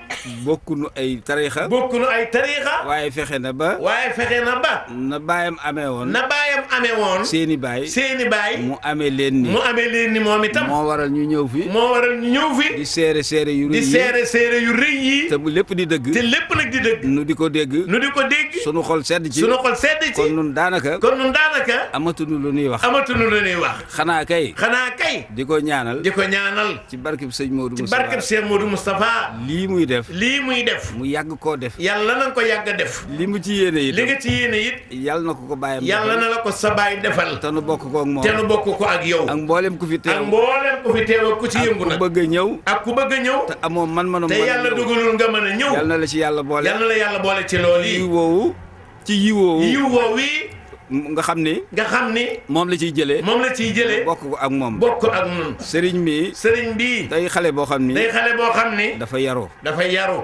bokkunu ay tariixa. bokkunu ay tariixa. waaye fexe na ba. waaye fexe na ba. na baayam amee woon. na baayam amee woon. seeni baay. seeni baay. mu amee leen ni. mu amee leen ni moom itam. moo waral ñu ñëw fi. moo waral ñu ñëw fi. di seere seere yu rëy yi di yu rëy yi. te bu lépp di dëgg. te lépp nag di dëgg. nu di ko dégg. nu di ko dégg. sunu xol sedd ci. sunu xol sedd ci. kon nun daanaka. kon nun daanaka. amatuñu lu ñuy wax. amatuñu xanaa kay. xanaa kay. di ko ñaanal. di ko ñaanal. ci barkeb sëñ Modou Moustapha ci barkeb sëñ Modou Moustapha. lii muy def. mu yàgg koo def. yàlla na ko yàgg def. li mu ci yéene it. li ci yéene it. na ko ko bàyyam. yàlla na la ko sa bàyyi defal. te nu bokk ko ak moom te nu bokk ko ak yow. ak mboolem ku fi teew ak mboolem ku fi teew ak ku ci yëngu nag. ak ku bëgg a ñëw. ak ku bëgg a ñëw. te amoo man manu mën a ñëw te nga mën a ñëw. yàlla na la ci yàlla boole. yàlla na la yàlla boole ci loolu yiw woowu ci yiw woowu. yiw woowu nga xam ni. nga xam ni. moom la ciy jëlee. moom la ciy jëlee. bokk ko ak moom. bokk ak moom. sëriñ mi. sëriñ bi. day xale boo xam ni. day xale boo xam ni. dafa yaru. dafa yaru.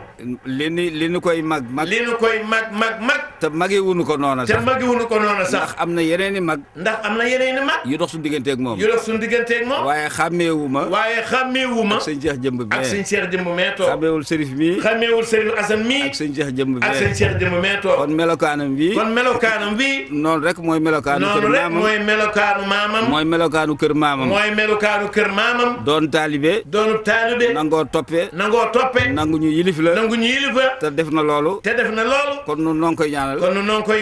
li ni li koy mag mag. li koy mag mag mag. te magi wuñu ko noona sax. te magi wuñu ko noona sax. ndax am na yeneen i mag. ndax am na yeneen i mag. yu dox su digganteek moom. yu dox suñu digganteeg moom. waaye xàmmeewu ma. waaye xàmmeewu ma. ak sëñ Jëmb bee. ak sëñ Cheikh Jëmb mee toog. xàmmeewul sërif mi. xàmmeewul sërif mi. ak sëñ Cheikh Jëmb bee. ak sëñ Cheikh kon melokaanam bi. kon melokaanam bi. noonu rek rek mooy melokaanu. kër maamam noonu rek mooy melokaanu maamam. mooy melokaanu kër maamam. mooy melokaanu kër maamam. doon taalibe. doon taalibe. nangoo toppee. nangoo toppee. nangu ñu yilif la. nangu ñu yilif la. te def na loolu. te def na loolu. kon nu noo ngi koy ñaanal. kon nu noo ngi koy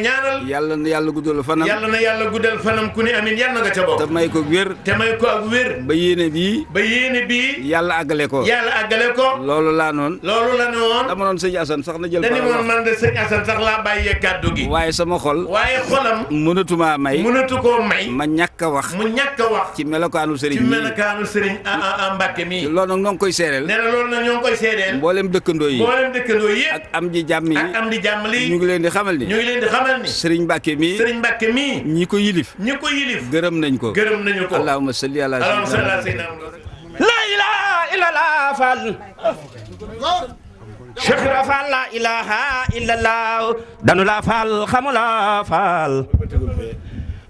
yàlla na yàlla guddal fanam. na yàlla guddal fanam ku ne amin yàlla nga ca bokk. te may ko wér. te may ko ak wér. ba yéene bii. ba yéene bii. yàlla àggale ko. yàlla àggale ko. loolu laa noon. loolu la noon. dama noon sëñ Assane sax na jël. dañu moon man de sëñ sax laa bàyyee kàddu gi. waaye sama xol. waaye xolam mënatumaa may. mënatu koo may. ma ñàkk a wax. mu ñàkk a wax. ci melokaanu Serigne mii ci melokaanu Serigne Mbacke mii. loolu nag ñoo ngi koy seedeel. nee na loolu nag ñoo ngi koy seedeel. mboolem dëkkandoo yi. mboolem dëkkandoo yi. ak am ji jàmm yi ak am di jàmm lii. ñu ngi leen di xamal ni. ñu ngi leen di xamal ni. Serigne Mbacke mii. Serigne Mbacke mii. ñi ko yilif. ñi ko yilif. gërëm nañ ko. gërëm nañu ko. allahumma salli ala sayyidina. allahumma salli ala sayyidina. la ilaha illa allah fal Cheikh Ibra Fall la ilaha illallah danu la faal xamu la faal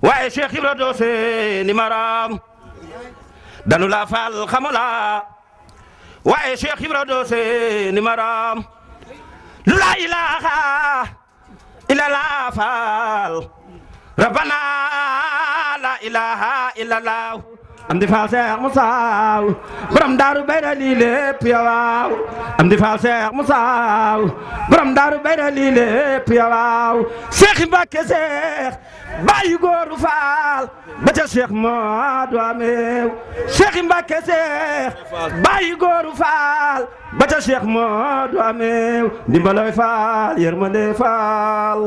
waaye Cheikh Ibra doo seeni maraam danu la faal xamu la waaye Cheikh Ibra doo seeni maraam lu la ilaha illallah faal rabbana la ilaha illallah am di faal seex mu saaw daaru bayra lii lépp am di faal seex mu saaw daaru bayra lii lépp ya waaw seexi mbàkke seex bàyyi góoru faal ba ca seex Moodu Ameew seexi mbàkke seex bàyyi góoru faal ba ca seex Moodu Ameew ndimbaloy faal yërmande faal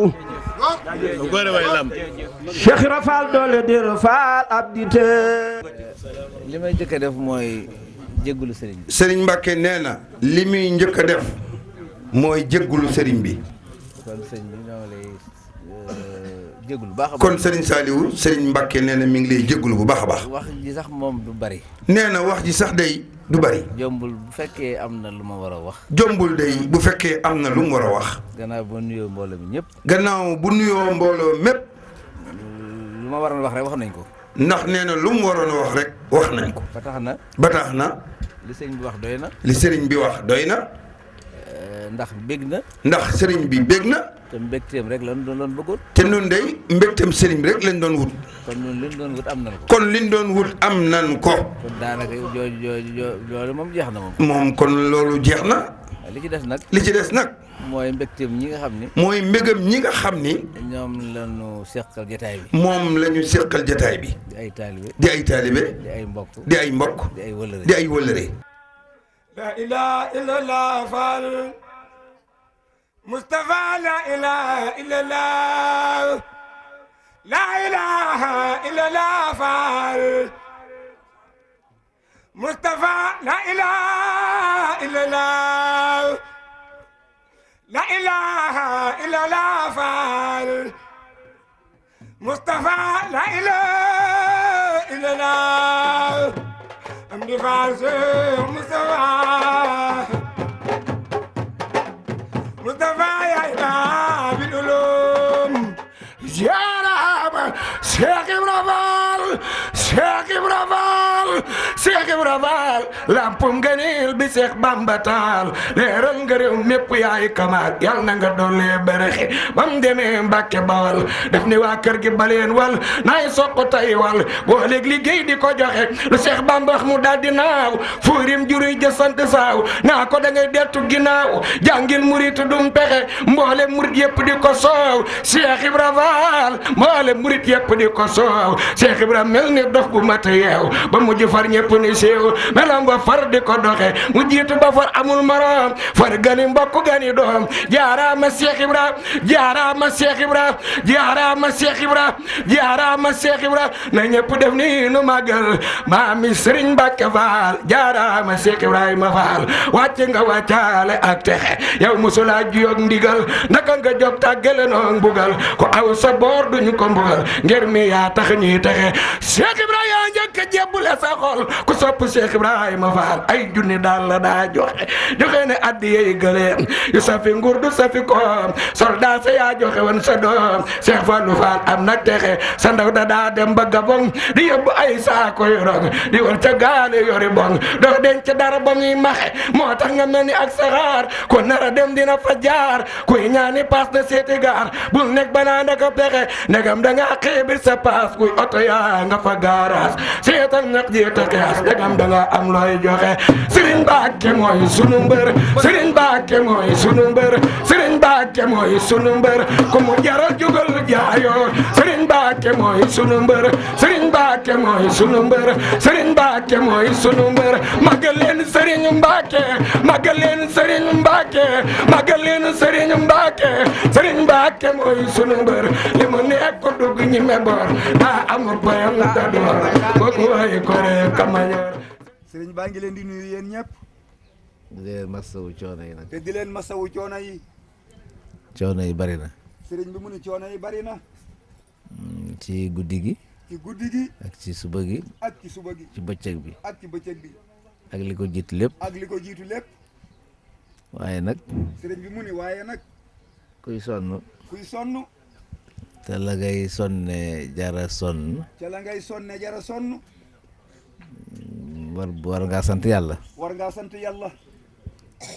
seexi ra faal doole dir faal abdite li may njëkk a def mooy jéggulu sëriñ bi. sëriñ Mbacke nee na. li muy njëkk a def mooy jéggulu sëriñ bi. kon sëriñ bi ñoo ngi lay euh, jéggulu bu baax a baax. kon sëriñ Saliou sëriñ Mbacke nee na mi ngi lay jéggulu bu baax baax. wax ji sax moom du bari. nee na wax ji sax day du bari. jombul bu fekkee am na lu ma war a wax. jombul day bu fekkee am na lu mu war a wax. gannaaw bu nuyoo mbooloo mi ñëpp. gannaaw bu nuyoo mbooloo mépp. lu ma waroon wax rek wax nañ ko. نحن لوم ورانا واخ رك واخ نانكو بوح بتاخنا لي سيرن بي واخ دوينا لي سيرن بي واخ دوينا ndax بي بيغنا سيرن بي بيغنا تم بكتم رك لا دون لون بغول تم نون داي مبكتم سيرن بي رك لا دون وود كون لين دون وود امنان كو كون لين دون وود امنان كو li ci des nag. li ci des nag. mooy mbégteem ñi nga xam ni. mooy mbégam ñi nga xam ni. ñoom la ñu seqal jataay bi. moom la ñu seqal jataay bi. di ay taalibe di ay taalibe. di ay mbokk di ay mbokk. di ay wëllëre di ay wëllëre. la ilaha illallah fal Mustafa la ilaha illallah la ilaha illallah fal مصطفى لا إله إلا الله لا إله إلا الله فعل مصطفى لا إله إلا الله أمري فارس مصطفى مصطفى يا إله بالألوم يا رب شيخ إبراهيم شيخ إبراهيم Cheikh Ibra Faal lampum ngëneel bi Cheikh Bamba taal leeral nga réew mépp yaay kamaal yal na nga doole berexe bam demee Mbàkke Bawal def ni waa kër gi baleen wal naay soq tay wal boo léeg liggéey di ko joxe lu Cheikh Bamba mu daldi naaw fuurim juruy ja sant saaw naa ko da ngay dettu ginnaaw jàngil murit dum pexe mboole murit yëpp di ko soow Cheikh Ibra Faal mboole murit yëpp di ko soow Cheikh Ibra mel ni dof bu mat di far ñëpp ni siiw melam ba far di ko doxé mu jiitu ba far amul maram far gani mbokk gani jaara ma Cheikh Ibra ma Cheikh Ibra ma Cheikh Ibra ma Cheikh Ibra na ñepp def ni nu ma mi Serigne Mbacke Fall jaaraama Cheikh Ibrahima Fall wàcc nga waccale ak texe yow musulaa jiyog ndigal naka nga jog tàggale no mbugal ko aw sa bor duñ ko mbugal ngir mi ya tax ñi texe Cheikh Ibra yaa njëkk sa sa xol ku sopp a Ibrahima ay junni daal la daa joxe joxe ne addi yey gëleem yu safi nguur du safi koom soldat sa yaa joxe woon sa doom Cheikh Fallou Fall am na texe sa ndaw da daa dem ba Gabon di yóbbu ay saako yu rog di war ca gaale yori bong doo denc dara ba muy maxe moo tax nga mel ni ak saxaar ku nara dem dina fa jaar kuy ñaani paas na seeti gaar bul nekk ba naa ndaka pexe ndegam da nga xeebir sa paas kuy oto yaa nga fa gaaraas seetal nag jiite xeex dagam danga am looy joxe Serigne Mbacke mooy sunu mbër Serigne Mbacke mooy sunu mbër Serigne Mbacke mooy sunu mbër ku mu jaral jugal jaayoo Serigne Mbacke mooy sunu mbër Serigne Mbacke mooy sunu mbër Serigne Mbacke mooy sunu mbër magal leen Serigne Mbacke magal leen Serigne Mbacke magal leen Serigne Mbacke Serigne Mbacke mooy sunu mbër li mu nekk dugg ñi me bor daa amul boyam na dadoor kooku waaye ko Kamañoor sëriñ baa ngi leen di nuyu yéen ñëpp di leen masawu coono yi nag te di leen masawu coono yi coono yi bari na sëriñ bi mu ni coono yi bari na mm, ci guddi gi ci guddi gi ak ci suba gi ak ci suba gi ci bëccëg bi ak bi ak li ko jiit lépp ak li ko jiitu lépp waaye nag sëriñ bi mu ni waaye nag kuy sonn kuy sonn te la ngay sonne jara sonn war ngaa sant yàlla. sant yàlla.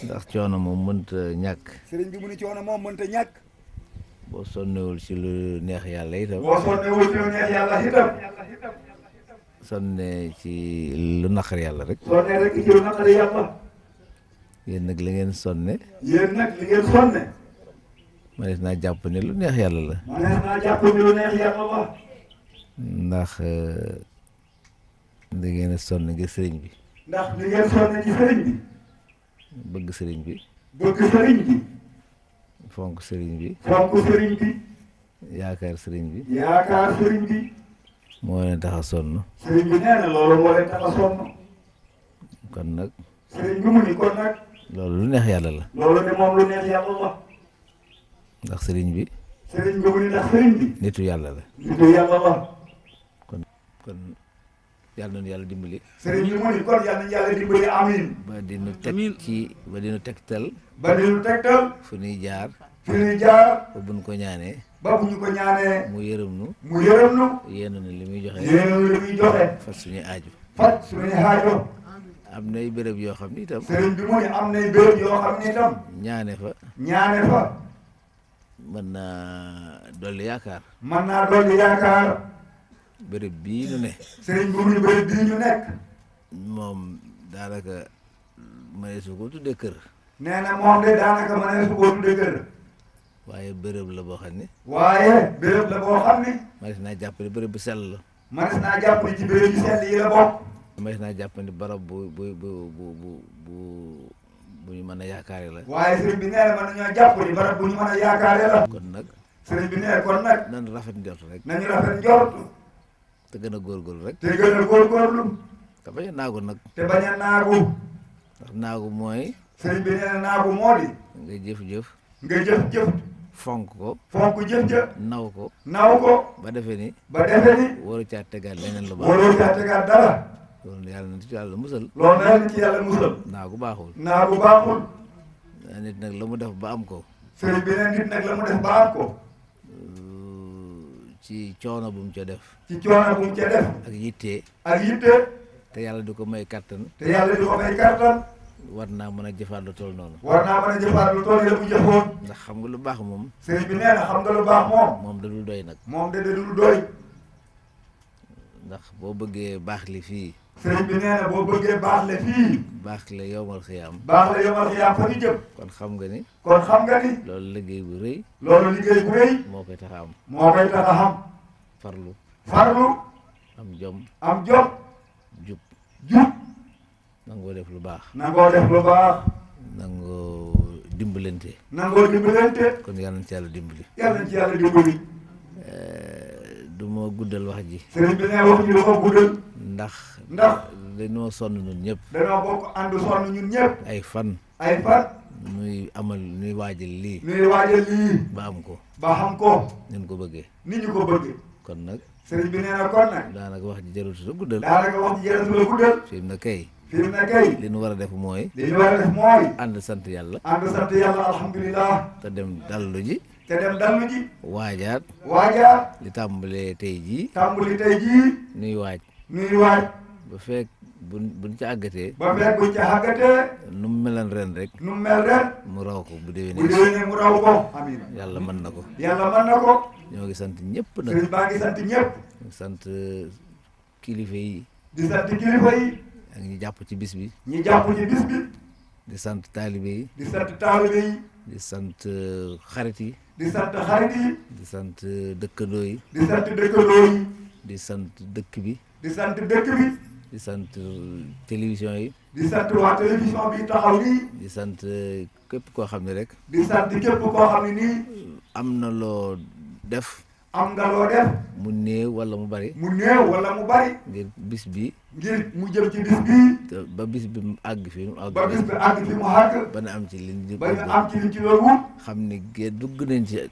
ndax coono moom mënta ñàkk. ñàkk. boo sonnewul ci lu neex yàlla itam. boo sonnewul ci lu neex yàlla itam. rek. sonne nag li ngeen sonne. yéen nag naa jàpp ne lu neex yàlla la. lu neex yàlla la. ndax. da ngeen a sonn ngir sëriñ bi. ndax da ngeen sonn ci sëriñ bi. bëgg sëriñ bi. fonk sëriñ bi. fonk sëriñ bi. yaakaar sëriñ bi. moo leen tax a sonn. sëriñ bi nee na loolu moo leen tax a sonn. kon nag. sëriñ bi mu ni kon nag. loolu lu neex yàlla la. loolu de moom lu neex yàlla la. ndax sëriñ bi. sëriñ bi mu ni ndax sëriñ bi. nitu yàlla la. nitu yàlla la. kon kon. yàlla nañu yàlla dimbali. sëriñ bi mu ni kon yàlla dimbali amiin. ba dinu teg ci ba dinu tegtal. ba dinu fu ñuy jaar. fu ñuy jaar. ba ko ñaane ba bu ñu ko ñaanee. mu yërëm nu. mu yërëm nu. yéen na li muy joxe. yéen na li muy joxe. faj suñuy aaju. am nay béréb yoo xam ni itam. sëriñ bi mu ni am nay béréb yoo xam ni itam. ñaane fa. ñaane fa. mën naa dolli yaakaar. mën naa dolli yaakaar. bërëb bii ñu ne sëriñ buub ni bërëb bii ñu nekk moom daanaka mënee su ko tudde kër nee na moom de daanaka mënee su ko tudde kër waaye bërëb la boo xam ne waaye bërëb la boo xam ne mënees naa jàpp ne bërëb bu sell la mënees naa jàpp ne ci bërëb yu sell yi la bokk mënees naa jàpp ne barab bu bu bu bu bu bu bu ñu mën a yaakaare la waaye sëriñ bi nee na mën nañoo jàpp ni barab bu ñu mën a yaakaare la kon nag sëriñ bi nee kon nag nan rafet njort rek nañu rafet njort te gën a góorgóorlu rek. te gën a góorgóorlu. te bañ a nag. te bañ mooy. sëriñ bi nee na naagu moo di. nga jëf-jëf. nga jëf-jëf. fonk ko. fonk jëf-jëf. naw ko. naw ko. ba defee ni. ba defee ni. waru caa tegaat leneen lu baax. waru caa tegaat dara. loolu yàlla na ci yàlla musal. loolu na yàlla ci yàlla musal. naagu baaxul. naagu baaxul. nit nag la mu def ba am ko. sëriñ bi nee nit nag la mu def ba am ci coono bu mu ca def ci coono bu mu ca def ak yitte ak yitte te yalla du ko may carton te yalla du ko may carton war naa mën a jëfaat lu tol noonu war naa mën a jëfaat lu tol yëpp jëfoon ndax xam nga lu baax moom sëriñ bi nee xam nga lu baax moom moom da dul doy nag moom de da dul doy ndax boo bëggee baax li fii sëriñ bi nee na boo bëggee baax la fii. baax la yomal xiyaam. baax la yomal xiyaam xam nga ni. loolu liggéey bu rëy. loolu liggéey bu rëy. moo koy tax am. moo koy tax am. farlu. farlu. am jom. am jom. jub. jub. nangoo def lu baax. nangoo def lu baax. nangoo dimbalante. nangoo dimbalante. kon yàlla na yàlla dimbali. yàlla na ci yàlla dimbali. Eh, du ma guddal wax ji. sëriñ bi nee wax ji du ma guddal. ndax. ndax dañoo sonn ay fan. ay nuy amal nuy ko. ba xam ko. nañ ko kon nag. sëriñ daanaka wax ji jarul su guddal. daanaka wax kay. fi mu kay. li ñu war a def mooy. li ñu war mooy. ànd sant yàlla. ànd sant yàlla alhamdulilah. te dem dallu ji. te dem dallu ji. waajaat. waajaat. li tàmbalee tey nuy waaj. nuyuwaat. ba fekk buñ buñ ca àggatee. ba fekk buñ ca àggatee. nu mu ren rek. nu mu mel ren. mu raw ko bu déwénee. bu mu raw ko. amiin yàlla mën na ko. yàlla mën na ko. ñoo ngi sant ñëpp nag. sëñ sant ñëpp. Euh, kilifa yi. di sant kilifa ak ñi jàpp ci bis bi. ñi jàpp ci bis di sant taalibe yi. di sant taalibe yi. di sant euh, xarit di sant xarit yi. di sant euh, dëkk bi. di sant dëkk bi. di sant télévision yi. di sant waa télévision bi taxaw nii. di sant euh, képp koo xam ne rek. di sant képp koo xam ne nii. am na loo def. am nga loo def. mu néew wala mu bari. mu néew wala mu bari. ngir bis bi. ngir mu jëm ci bis bi. ba bis bi mu àgg fi mu àgg. ba bis bi àgg fi mu àgg. ba na am ci liñ ci. ci loolu. xam ne gée dugg nañ ci.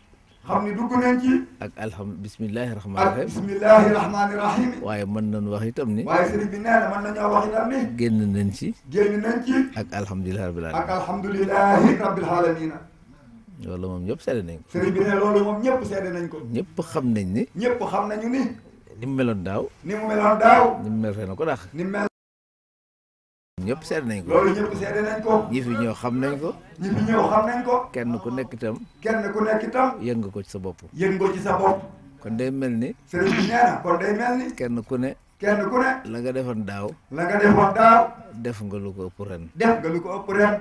xam ni dugg nañ ci. ak alham bismillahi rahmaani rahiim. ak bismillahi rahmaani rahiim. waaye mën nañu wax itam ni. waaye sëriñ bi nee na mën nañoo wax itam ni. génn nañ ci. génn nañ ci. ak alhamdulilah rabbil alamin. ak alhamdulilahi rabbil alamin. loolu moom ñëpp seede nañ ko. sëriñ bi ne loolu moom ñëpp seede nañ ko. ñëpp xam nañ ni. ñëpp xam nañu ni. ni mu meloon ni mu meloon daaw. ni mel ren ko dàq. ni mel ñëpp seet nañ ko. loolu ñëpp seet ñi fi ñëw xam nañ ko. ñi fi ñëw kenn ku nekk itam. kenn ku nekk itam. yëg nga ko ci sa bopp. yëg nga sa bopp. kon day mel ni. sëriñ bi nee kon day mel ni. kenn ku ne. kenn ku ne. la nga defoon daaw. la nga defoon daaw. def nga lu ko ëpp ren. def nga lu ko ëpp ren.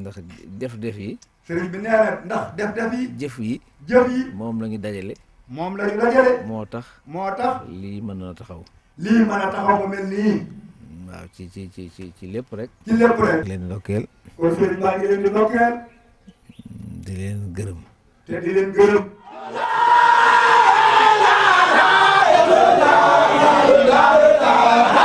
ndax def-def yi. sëriñ bi nee na ndax def-def yi. jëf yi. jëf yi moom lañu dajale. moom la dajale. moo tax. moo tax. lii mën na taxaw. lii mën a taxaw mu mel nii. waaw ci ci ci ci ci lépp rek. ci lépp rek. leen ndokkeel. kon sëriñ maa ngi leen di ndokkeel. di leen gërëm. te di leen gërëm. la ilaha illallah